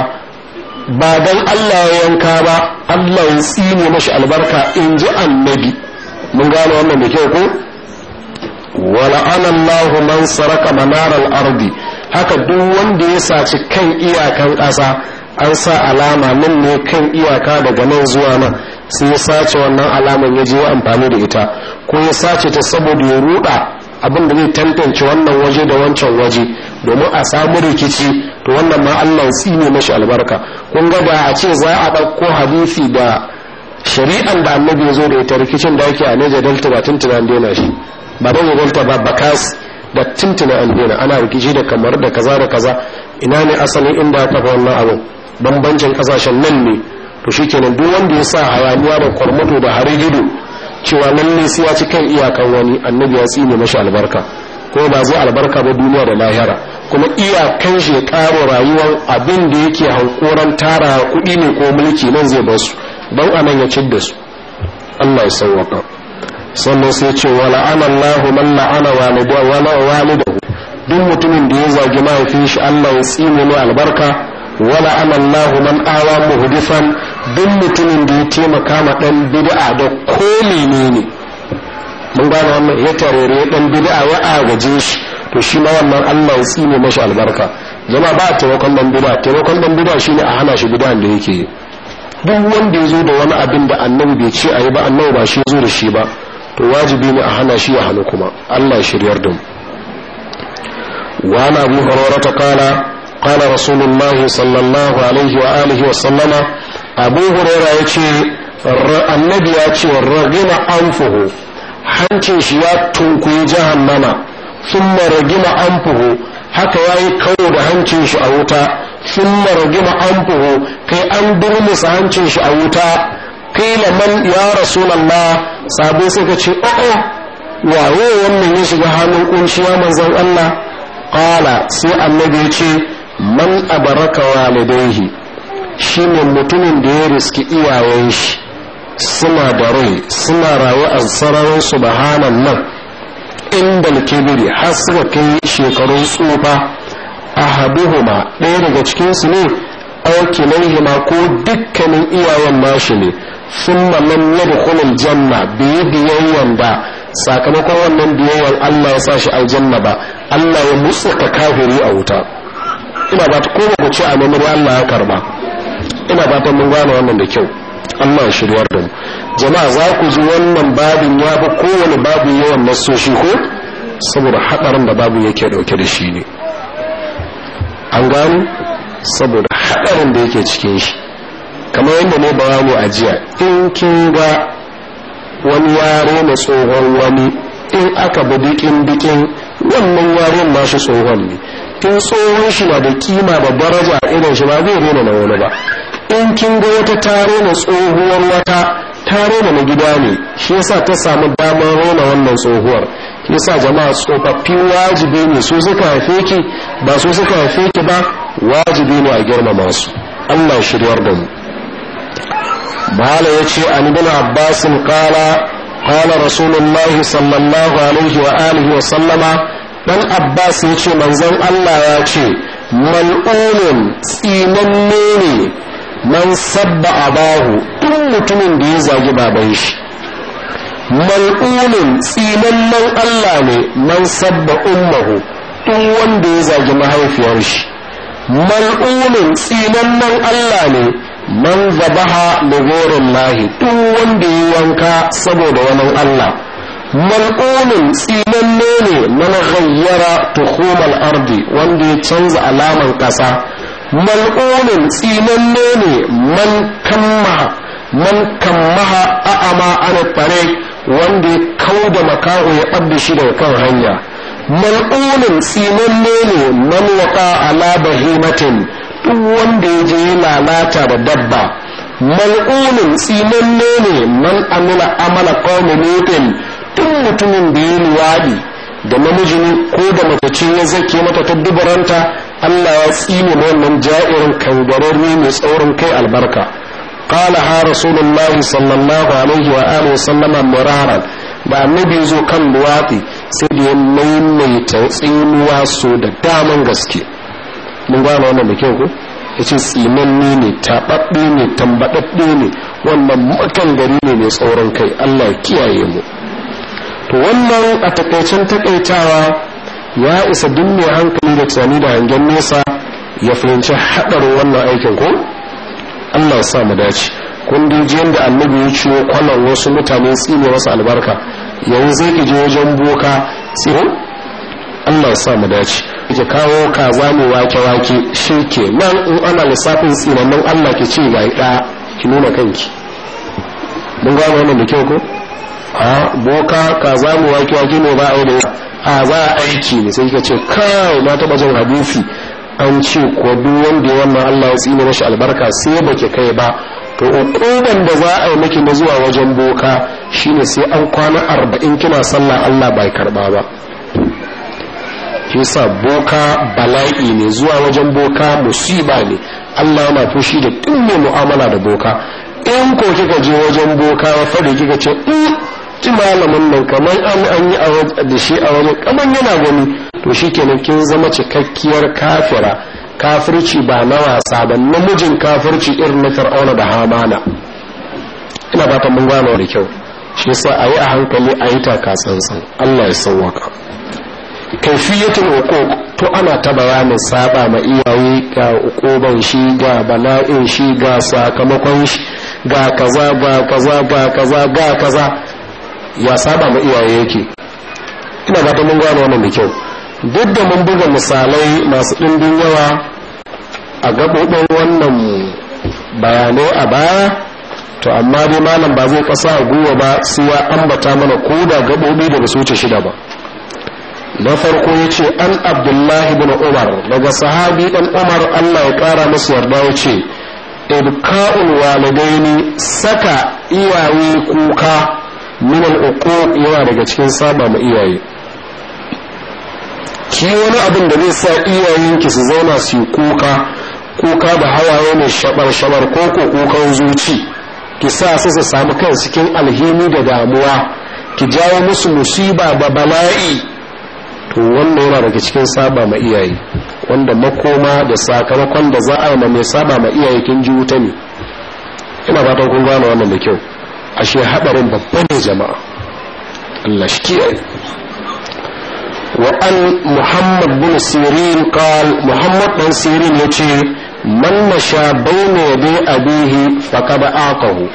S1: ba don Allah ya yanka ba Allah ya tsine mashi albarka in ji annabi mun gano wannan da kyau ko wala anallahu man saraka manaral ardi haka duk wanda ya saci kan iyakan ƙasa an sa alama nan ne kan iyaka daga nan zuwa nan sai ya sace wannan alaman ya je amfani da ita ko ya sace ta saboda ya ruɗa. abin da zai tantance wannan waje da wancan waje domin a samu rikici to wannan ma Allah tsine mashi albarka kun ga da a ce za a ɗauko hadisi da shari'an da annabi ya zo da ita rikicin da ake a Niger Delta ba tuntuna an daina shi ba Niger Delta ba Bakas da tuntuna an ana rikici da kamar da kaza da kaza ina ne asalin inda aka tafi wannan abu bambancin kasashen nan ne to shikenan duk wanda ya sa hayaniya da kwarmato da harigido cewa lalle sai ya ci kan iyakan wani annabi ya tsine mashi albarka ko ba zai albarka ba duniya da lahira kuma iyakan shi karo rayuwar abin da yake hankoran tara kuɗi ne ko mulki nan zai basu don anan ya ci da su Allah ya sauwaka sannan sai ce wa la'ana Allahu man la'ana walidahu duk mutumin da ya zagi mahaifin shi Allah ya tsine mai albarka wala amallahu man awa muhdisan duk mutumin da ya taimaka ma dan bid'a da ko menene mun gane wannan ya tarere dan bid'a ya agaje shi to shi ma wannan Allah ya tsine mashi albarka jama ba wakan dan bid'a wakan dan bid'a shine a hana shi bid'an da yake duk wanda ya zo da wani abin da annabi bai ce ayi ba annabi ba shi zo da shi ba to wajibi ne a hana shi ya hannu kuma Allah ya shiryar da mu wa na abu hurairah qala قال رسول الله صلى الله عليه وآله وسلم أبو هريرة النبي يتي رغم أنفه hancin shi ya tunkuyi jahannama sun ragima anfuhu haka ya yi kawo da hancin shi a wuta sun ragima anfuhu kai an durmusa hancin shi a wuta kai man ya rasulallah sabo suka ce o'o waye wannan ya shiga hannun kunciya manzon Allah qala sai annabi ya ce man abaraka walidaihi shine mutumin da ya riski iyayen shi suna da rai suna rayu a sararin subhanan nan inda kibiri har suka kai shekarun tsufa ahaduhuma ɗaya daga cikinsu ne ma ko dukkanin iyayen nashi ne sun lam yadkhulul janna bi biyayyan da sakamakon wannan biyayyan Allah ya sa shi aljanna ba Allah ya musu ka kafiri a wuta ina ba ta koma ku ce a nemi Allah ya karba ina ba ta mun gane wannan da kyau Allah shiryar da mu jama'a za ku ji wannan babin ya fi kowane babu yawan nasoshi ko saboda hadarin da babu yake dauke da shi ne an gano saboda hadarin da yake cikin shi kamar yadda ne bayani a jiya in kin ga wani yare na tsohon wani in aka bi dikin dikin wannan yaren ma tsohon ne in tsohon shi na da kima da daraja irin shi ba zai rena na wani ba in kin ga wata tare na tsohuwar wata tare da na gida ne shi yasa ta samu damar rena wannan tsohuwar yasa jama'a tsofaffi wajibi ne su suka haife ki ba su suka haife ki ba wajibi ne a girmama su Allah shiryar da mu bala ce an ibn abbas kala qala rasulullahi sallallahu alaihi wa alihi wa sallama dan abbas ya ce manzon allah ya ce mal'unin tsinanne ne man sabba abahu duk mutumin da ya zagi baban shi mal'unin tsinannen allah ne man sabba ummahu duk wanda ya zagi mahaifiyar shi mal'unin tsinannen allah ne man zabaha da goron lahi duk wanda ya wanka saboda wani allah mal'unin tsinanne ne mana ghayyara tuhumal ardi wanda ya canza alaman ƙasa mal'unin tsinanne ne man kammaha man kammaha a'ama ana tare wanda ya kau da makaho ya ɓadda shi daga kan hanya mal'unin tsinanne ne man waƙa ala bahimatin duk wanda ya je lalata da dabba mal'unin tsinanne ne man amila amala qawmi duk mutumin da ya luwaɗi da namijin ko da matacin ya zake mata ta dubaranta Allah ya tsine ma wannan ja'irin kangararre mai tsaurin kai albarka qala ha rasulullahi sallallahu alaihi wa alihi wa sallama muraran ba annabi zo kan luwaɗi sai da ya maimaita tsinuwa so da daman gaske mun gane wannan da kyau ko ya ce ne taɓaɓɓe ne tambaɗaɗɗe ne wannan makan gari ne mai tsaurin kai allah ya kiyaye mu to wannan a takaicen takaitawa ya isa duk hankali da tunani da hangen nesa ya fahimci haɗarin wannan aikin ko allah sa mu dace kun je da annabi ya ciwo kwallon wasu mutane tsine wasu albarka yau zai ki je wajen boka tsiro allah sa mu dace ki kawo kaza mu wake wake shi ke nan in ana lissafin tsinannen allah ki ce ga ɗaya ki nuna kanki mun gano wannan da kyau ko a boka ka za mu wake wake ne ba a yi a za a aiki ne sai ka ce kawai na taba jan hadisi an ce ko duk wanda ya wannan Allah ya tsine mashi albarka sai ba ke kai ba to ukuban da za a yi miki na zuwa wajen boka shine sai an kwana arba'in kina sallah Allah bai karba ba kisa boka bala'i ne zuwa wajen boka musiba ne Allah yana fushi da duk mai mu'amala da boka in ko kika je wajen boka ya fadi kika ce mm, ki malamin nan kamar an an yi da shi a wani kamar yana gani to shi kenan kin zama cikakkiyar kafira kafirci ba na wasa ba namijin kafirci irin na fir'auna da hamana ina fatan mun gano da kyau shi yasa a yi a hankali a yi taka allah ya sauwaka kaifiyatul uquq to ana ta bayanin saba ma iyaye ga uquban shi ga bala'in shi ga sakamakon shi ga kaza ba kaza ba kaza ga kaza ya saba ma iyaye yake ina ga ta mun gano wannan da kyau duk da mun buga misalai masu ɗimbin yawa a gaɓoɓin wannan bayanai a baya to amma dai malam ba zai kasa a guwa ba su ya ambata mana ko da gaɓoɓi da su ce shida ba na farko ya ce an abdullahi bin umar daga sahabi dan umar allah ya ƙara masu yarda ya ce ibka'ul walidaini saka iyaye kuka min al'uquq yana daga cikin saba ma iyaye ki wani abin da zai sa iyayenki su zauna su yi kuka kuka da hawaye mai shabar shabar ko ko kukan zuci ki sa su su samu kan cikin alhini da damuwa ki jawo musu musiba da bala'i to wannan yana daga cikin saba ma iyaye wanda makoma da sakamakon da za a yi ma mai saba ma iyaye kin ji wuta ne ina fatan kun gane wannan da kyau ashe haɗarin babba ne jama'a Allah shi ke wa an muhammad bin sirin kal muhammad dan sirin yace man nasha bayna yadi abihi faqad aqahu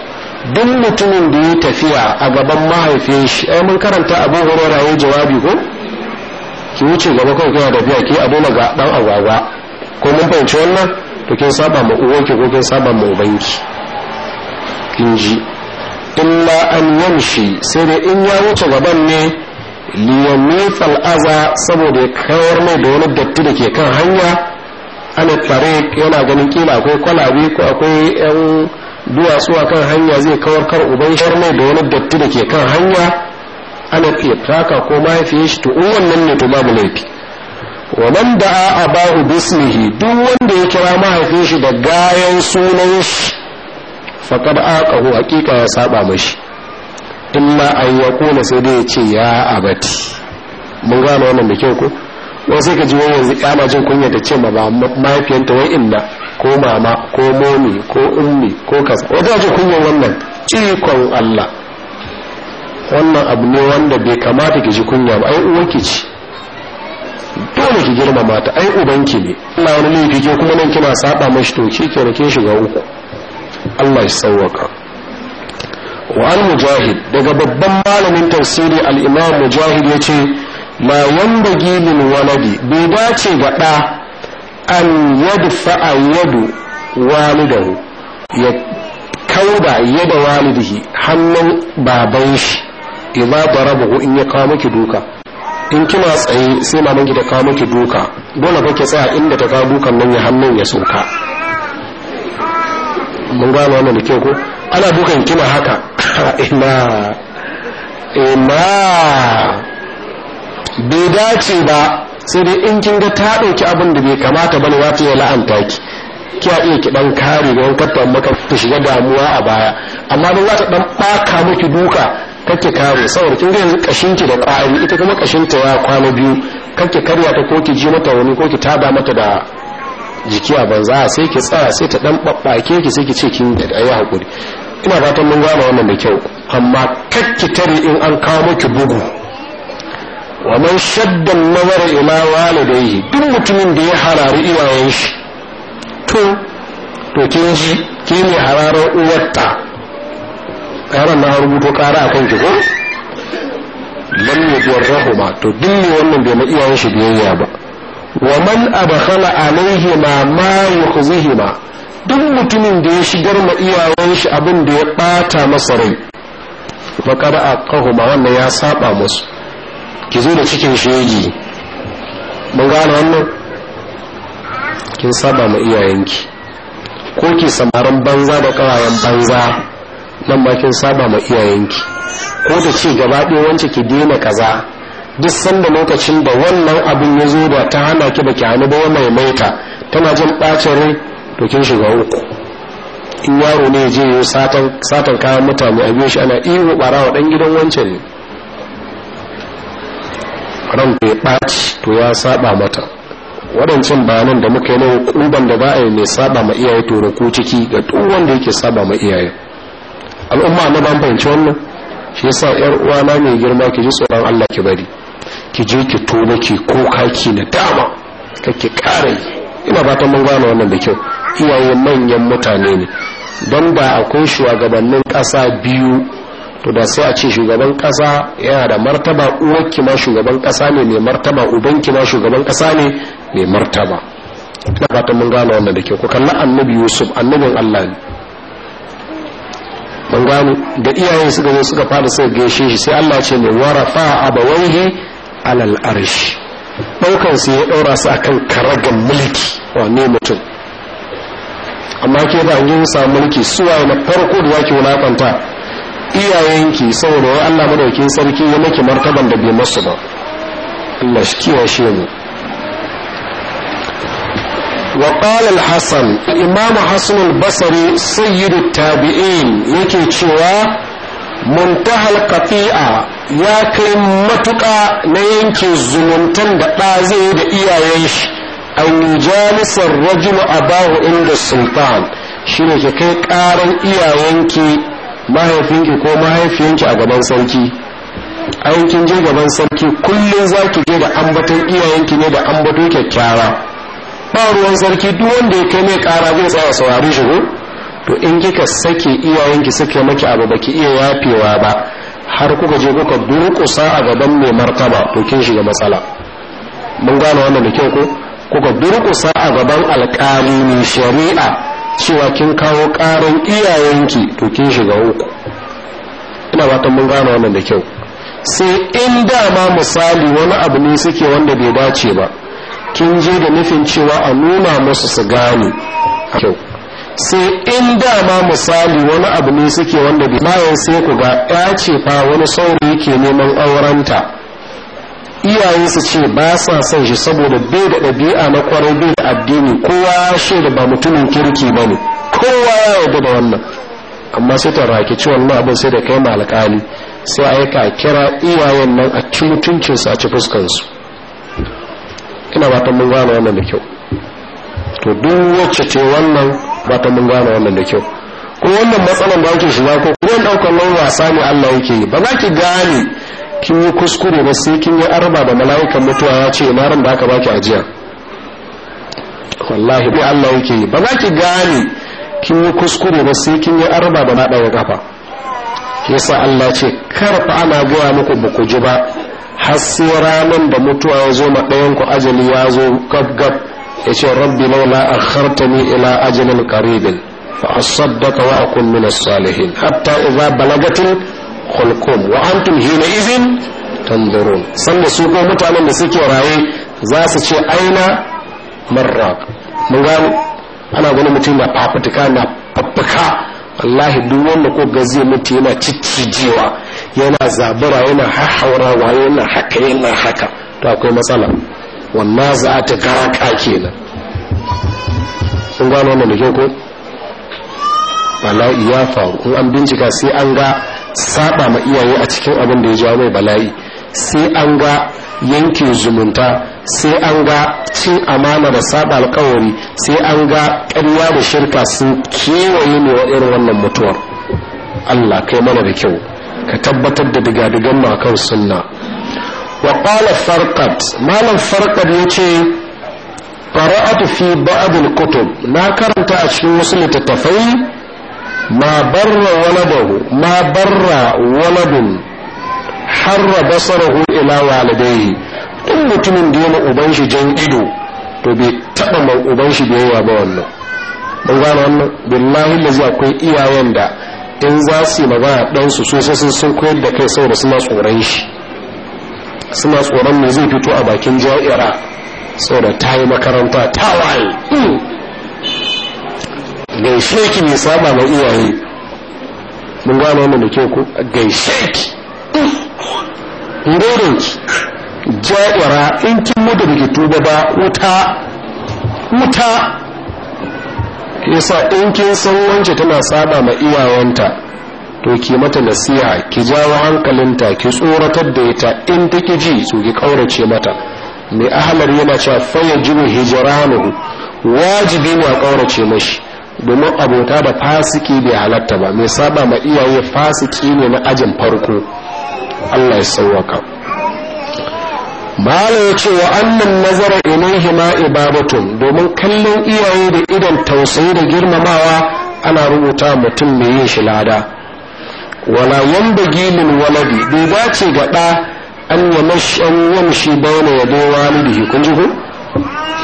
S1: duk mutumin da ya tafiya a gaban mahaifin shi ai mun karanta abu horora ya jawabi ko ki wuce gaba kawai kana tafiya ki abu ga dan agwagwa ko mun fahimci wannan to kin saba ma uwanki ko kin saba ma ubanki kin ji illa an yamshi sai dai in ya wuce gaban ne liyamitsal aza saboda kawar mai da wani datti da ke kan hanya ana tare yana ganin kila akwai kwalabi ko akwai yan duwatsu a kan hanya zai kawar kar uban shi mai da wani datti da ke kan hanya ana taka ko mahaifiyar shi to in wannan ne to babu laifi wa man da'a abahu bismihi duk wanda ya kira mahaifin shi da gayan sunan shi faƙad aqahu haƙiƙa ya saba mashi illa an ya kula sai dai ya ce ya abati mun gano wannan da kyau ko wai sai ka ji wani yanzu kyama jin kunya da ce ma mahaifiyanta wai inna ko mama ko momi ko ummi ko kasa wata ji kunya wannan cikon Allah wannan abu ne wanda bai kamata ki ji kunya ba ai uwanki ce dole ki girmama ta ai ubanki ne Allah wani laifi ke kuma nan kina saba mashi to shi ke ga uku Allah ya sauwaka wa al mujahid daga babban malamin tafsiri al-imam mujahid yace ma yanda gilin waladi bai dace ga ɗa an yadfa yadu walidahu ya kauda yada walidihi hannun baban shi idza darabahu in ya kawo miki duka in kina tsaye sai mamanki ta kawo miki duka dole fa ki tsaya inda ta kawo dukan nan ya hannun ya sauka mun gano wannan da kyau ko ana bukan kina haka (laughs) ina ina bai dace ba sai dai in kin ga ta ɗauki abin da bai kamata bane ya ta la'anta ki kiya iya ki dan kare don katta maka ta shiga damuwa a baya amma don za ta dan ɓaka miki duka kake kare saboda kin ga yanzu kashin ki da ƙwari ita kuma kashin ta ya kwana biyu kake karya ta ko ki ji mata wani ko ki tada mata da jiki a banza sai ki tsaya sai ta dan babbake ki sai ki ce kin da ayi hakuri ina fatan mun gane wannan da kyau amma kakki tare in an kawo miki bugu wa man shadda nazara ila walidayhi duk mutumin da ya harari iyayen shi to to kin ji ki ne hararar uwarta yaran na rubuto kara akan ki ko lam yudrahuma to duk wannan bai ma iyayen shi biyayya ba wa man abakhala alaihima ma yukhzihima duk mutumin da ya shigar ma iyayen shi abin da ya bata masa rai fa kada aqahuma wannan ya saba musu ki zo da cikin shege mun gane wannan kin saba ma iyayenki ko ki samarin banza da kawayen banza nan ma kin saba ma iyayenki ko ta ce gaba ɗaya wance ki daina kaza duk sanda lokacin da wannan abin ya zo da ta hana ki baki hannu ba mai maita tana jin bacin rai to kin shiga uku in yaro ne je yi satan kayan mutane a shi ana ihu barawa dan gidan wancan ne ran bai ɓaci to ya saba mata waɗancan bayanan da muka yi na hukuban da ba a yi mai saba ma iyaye to da ko ciki ga duk wanda yake saba ma iyaye al'umma na ban fahimci wannan shi yasa yar uwana mai girma ki ji tsoron Allah ki bari ki je ki tona ki ko ki na dama kake ƙara ina ba ta mun gane wannan da kyau iyaye manyan mutane ne don ba akwai shugabannin ƙasa biyu to da sai a ce shugaban ƙasa yana da martaba uwarki ma shugaban ƙasa ne mai martaba ubanki ma shugaban ƙasa ne mai martaba ina ba ta mun gane wannan da kyau ko kalli annabi yusuf annabin allah ne mun gano da iyayen suka zo suka fara suka gaishe shi sai Allah ce ne warafa abawaihi alal ɗaukan su ya ɗaura su akan karagan mulki wane mutum amma ke da an samu mulki suwa na farko da yake wulakanta iyayenki saboda wai Allah madaukin sarki ya maki martaban da bai masu ba Allah shi kiyashe mu Imam الحسن الإمام حسن البصري سيد tabiin yake cewa. muntahal kafi'a ya kai matuƙa na yanke zumuntan da ɗa zai da iyayen shi an jalisar a bahu inda sultan shi ne ke kai ƙaran iyayenki mahaifinki ko mahaifiyanki a gaban sarki aikin je gaban sarki kullum za ki je da ambaton iyayenki ne da ambato kyakkyara ba ruwan sarki duk wanda ya kai mai ƙara zai tsaya saurari shi to in kika sake iyayenki sake maki abu baki iya yafewa ba har kuka je kuka durƙusa a gaban mai martaba to kin shiga matsala mun gane wannan da kyau ko kuka durƙusa a gaban alƙali ne shari'a cewa kin kawo ƙarin iyayenki to kin shiga uku ina fatan mun gane wannan da kyau sai in dama misali wani abu ne suke wanda bai dace ba kin je da nufin cewa a nuna musu su gane kyau sai in dama misali wani abu ne suke wanda bai bayan sai ku ga ya ce fa wani saurayi ke neman aurenta iyayen su ce ba sa son shi saboda bai da ɗabi'a na kwarai bai da addini kowa shi da ba mutumin kirki ba ne kowa ya yarda da wannan amma sai ta rakici wannan abin sai da kai ma alƙali sai aika kira iyayen nan a ci mutuncinsu a ci fuskansu ina ba ta mun gane wannan da kyau to duk wacce ce wannan fatan mun gane wannan da kyau ko wannan matsalan da ake shiga ko ruwan ɗaukar nan wasa ne Allah yake yi ba za ki gane kin yi kuskure ba sai kin yi arba da mala'ikan mutuwa ya ce ina ran da aka baki ajiya wallahi bi Allah yake yi ba za ki gane kin yi kuskure ba sai kin yi arba da naɗa kafa yasa Allah ce kar fa ana goya muku ba ku ji ba har sai ranan da mutuwa ya zo ma ɗayan ku ajali ya zo gab gab ya ce rabbi laula akhartani ila ajalin qaribin fa asaddaqa wa akun min as-salihin hatta idha balagatil khulqum wa antum hina idhin tanzurun sanda su ko mutanen da suke raye za su ce aina marra mun ga ana gani mutum na fafutuka na fafuka wallahi duk wanda ko gazi mutum yana ciccijewa yana zabura yana hahaurawa yana haka yana haka to akwai matsala wannan za ta garaka kenan sun gano wannan da ko bala'i ya faru in an bincika sai an ga saba ma iyaye a cikin abin da ya jawo mai bala'i sai an ga yanke zumunta sai an ga cin amana da saba alkawari sai an ga ƙarya da shirka sun kewaye ne wa irin wannan mutuwar allah kai mana da kyau ka tabbatar da digadigan makar sunna wa qala farqat malam farqat yace qara'atu fi ba'd al-kutub na karanta a cikin wasu littattafai ma barra waladahu ma barra waladun harra basarahu ila walidayhi in mutumin da yana uban shi jan ido to bai taba man uban shi biyayya ba wannan mun gano wannan billahi lazi akwai iyayen da in za su yi magana ɗansu su sun koyar da kai saboda suna tsoron shi suna tsoron mai zai fito a bakin ja'ira saboda ta yi makaranta ta waye hmm. gaishe ki mai saba ma iyaye mun gano wannan da ke ku gaishe ki ɗorin hmm. ki ja'ira in kin mutu da ki tuba ba wuta wuta yasa in kin san wance tana saba ma iyawanta to ki mata nasiha ki jawo hankalinta ki tsoratar da ita in ta ki ji su ki kaurace mata mai ahalar yana cewa fayajibu hijiranu wajibi ne a kaurace mashi domin abota da fasiki bai halatta ba mai saba ma iyaye fasiki ne na ajin farko Allah ya sauwaka bala ya ce wa annan nazara ilaihi ma ibabatun domin kallon iyaye da idan tausayi da girmamawa ana rubuta mutum mai yin shi lada wala yanbaghi lil waladi bai dace ga ɗa an yamashi mashan yamshi bayna yadai walidihi kun ji ko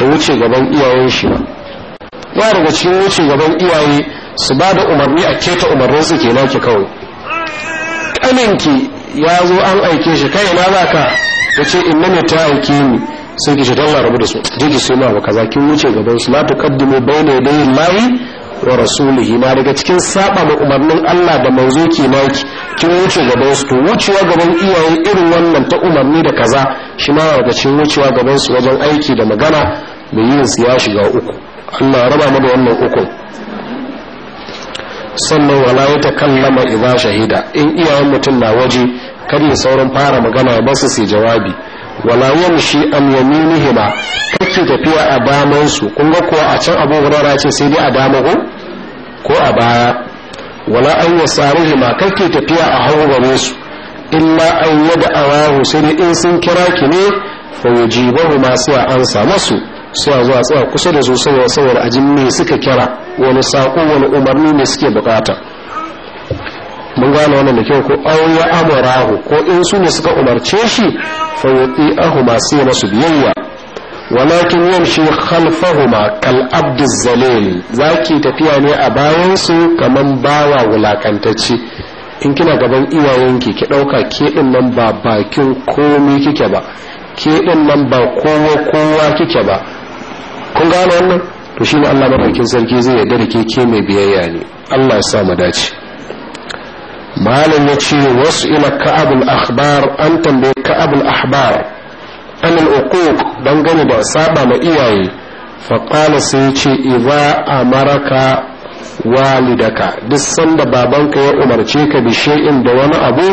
S1: ya wuce gaban iyayen shi ba ya daga cikin wuce gaban iyaye su ba da umarni a keta umarninsu ke naki kawai kaninki ya zo an aike shi kai na za ka ya ce inna ne ta aike ni sai ki shi don rabu da su je sai ma kaza kin wuce gaban su la tuqaddimu bayna yadayi llahi wa rasulihi na daga cikin saba ma umarnin Allah da manzo ke naki kin wuce gaban su to wucewa gaban iyaye irin wannan ta umarni da kaza shi ma daga cikin wucewa gaban su wajen aiki da magana da yin su ya shiga uku Allah raba mu da wannan uku sannan wala ya takallama idza shahida in iyayen mutum na waje kar ya saurin fara magana ba su sai jawabi wala yamshi an hima kake tafiya a damansu su kun ga kuwa a can Abu Hurairah ce sai dai a dama ko ko a baya wala an hima kake tafiya a hau gare su illa an yada awahu sai in sun kira ki ne fa yujibahu ma sai an ansa masu sai a zuwa tsaya kusa da su saboda saboda ajin me suka kira wani sako wani umarni ne suke bukata mun gane wannan da kyau ko an ya amarahu ko in su ne suka umarce shi fa yuti'ahuma sai masu biyayya walakin shi khalfahuma kal abd zalil zaki tafiya ne a bayan su kaman bawa wulakantacce in kina gaban iyayenki ki dauka ke din nan ba bakin komai kike ba ke din nan ba kowa kowa kike ba kun gane wannan to shine Allah mafarkin sarki zai yarda da ke ke mai biyayya ne Allah ya sa mu dace malam ya ce wasu ila ka'abul ahbar an tambaye ka'abul ahbar an al'uquq dangane da saba ma iyaye faƙala sai ya ce iza amaraka walidaka duk sanda babanka ya umarce ka bi bishe'in da wani abu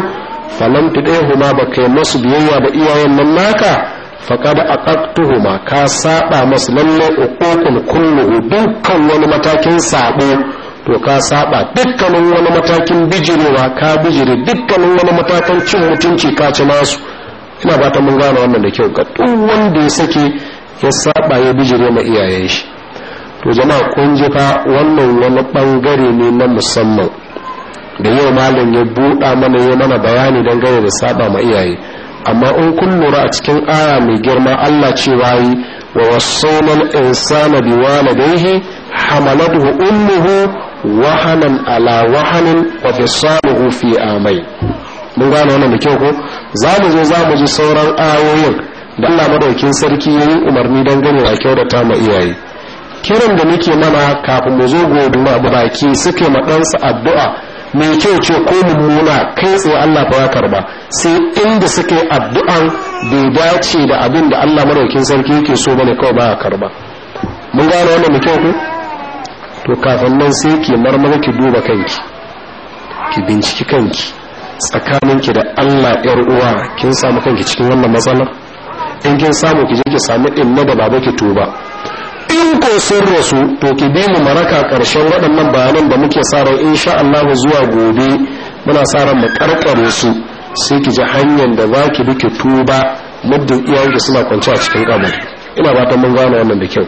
S1: falam huma ba kai masu biyayya da iyayen nan naka faƙad aqaqtuhuma ka saɓa masu lalle uququl kulluhu dukkan wani matakin sabo to ka saba dukkanin wani matakin bijirewa ka bijire dukkanin wani matakan cin mutunci ka ci nasu ina ba ta mun gane wannan da kyau ga duk wanda ya sake ya saba ya bijire ma iyayen shi to jama'a kun ji fa wannan wani bangare ne na musamman da yau malam ya buɗa mana ya mana bayani dangane da saba ma iyaye amma in kun lura a cikin aya mai girma Allah cewa yi wa wasu insana biwa na ummuhu wahanan ala wahanin wa fisaluhu fi amai mun gane wannan da kyau ko za mu zo za mu ji sauran ayoyin da Allah madaukin sarki ya yi umarni don gane a kyautata ma iyaye kiran da nake mana kafin mu zo gobe ma baki suke ma ɗansa addu'a mai kyau ce ko mummuna kai tsaye Allah ba karba sai inda suke addu'an bai dace da abin da Allah madaukin sarki yake so bane kawai ba karba mun gane wannan da kyau ko to kafin nan sai ke marmara ki duba kanki ki binciki kanki tsakaninki da allah yar uwa kin samu kanki cikin wannan matsalar in kin samu ki je ki samu inna da baba ki tuba in ko sun rasu to ki bi mu maraka karshen waɗannan bayanan da muke sa ran insha Allah zuwa gobe muna sa ran mu karkare su sai ki ji hanyar da za ki bi ki tuba muddin iyayenki suna kwance a cikin kabari ina ta mun gane wannan da kyau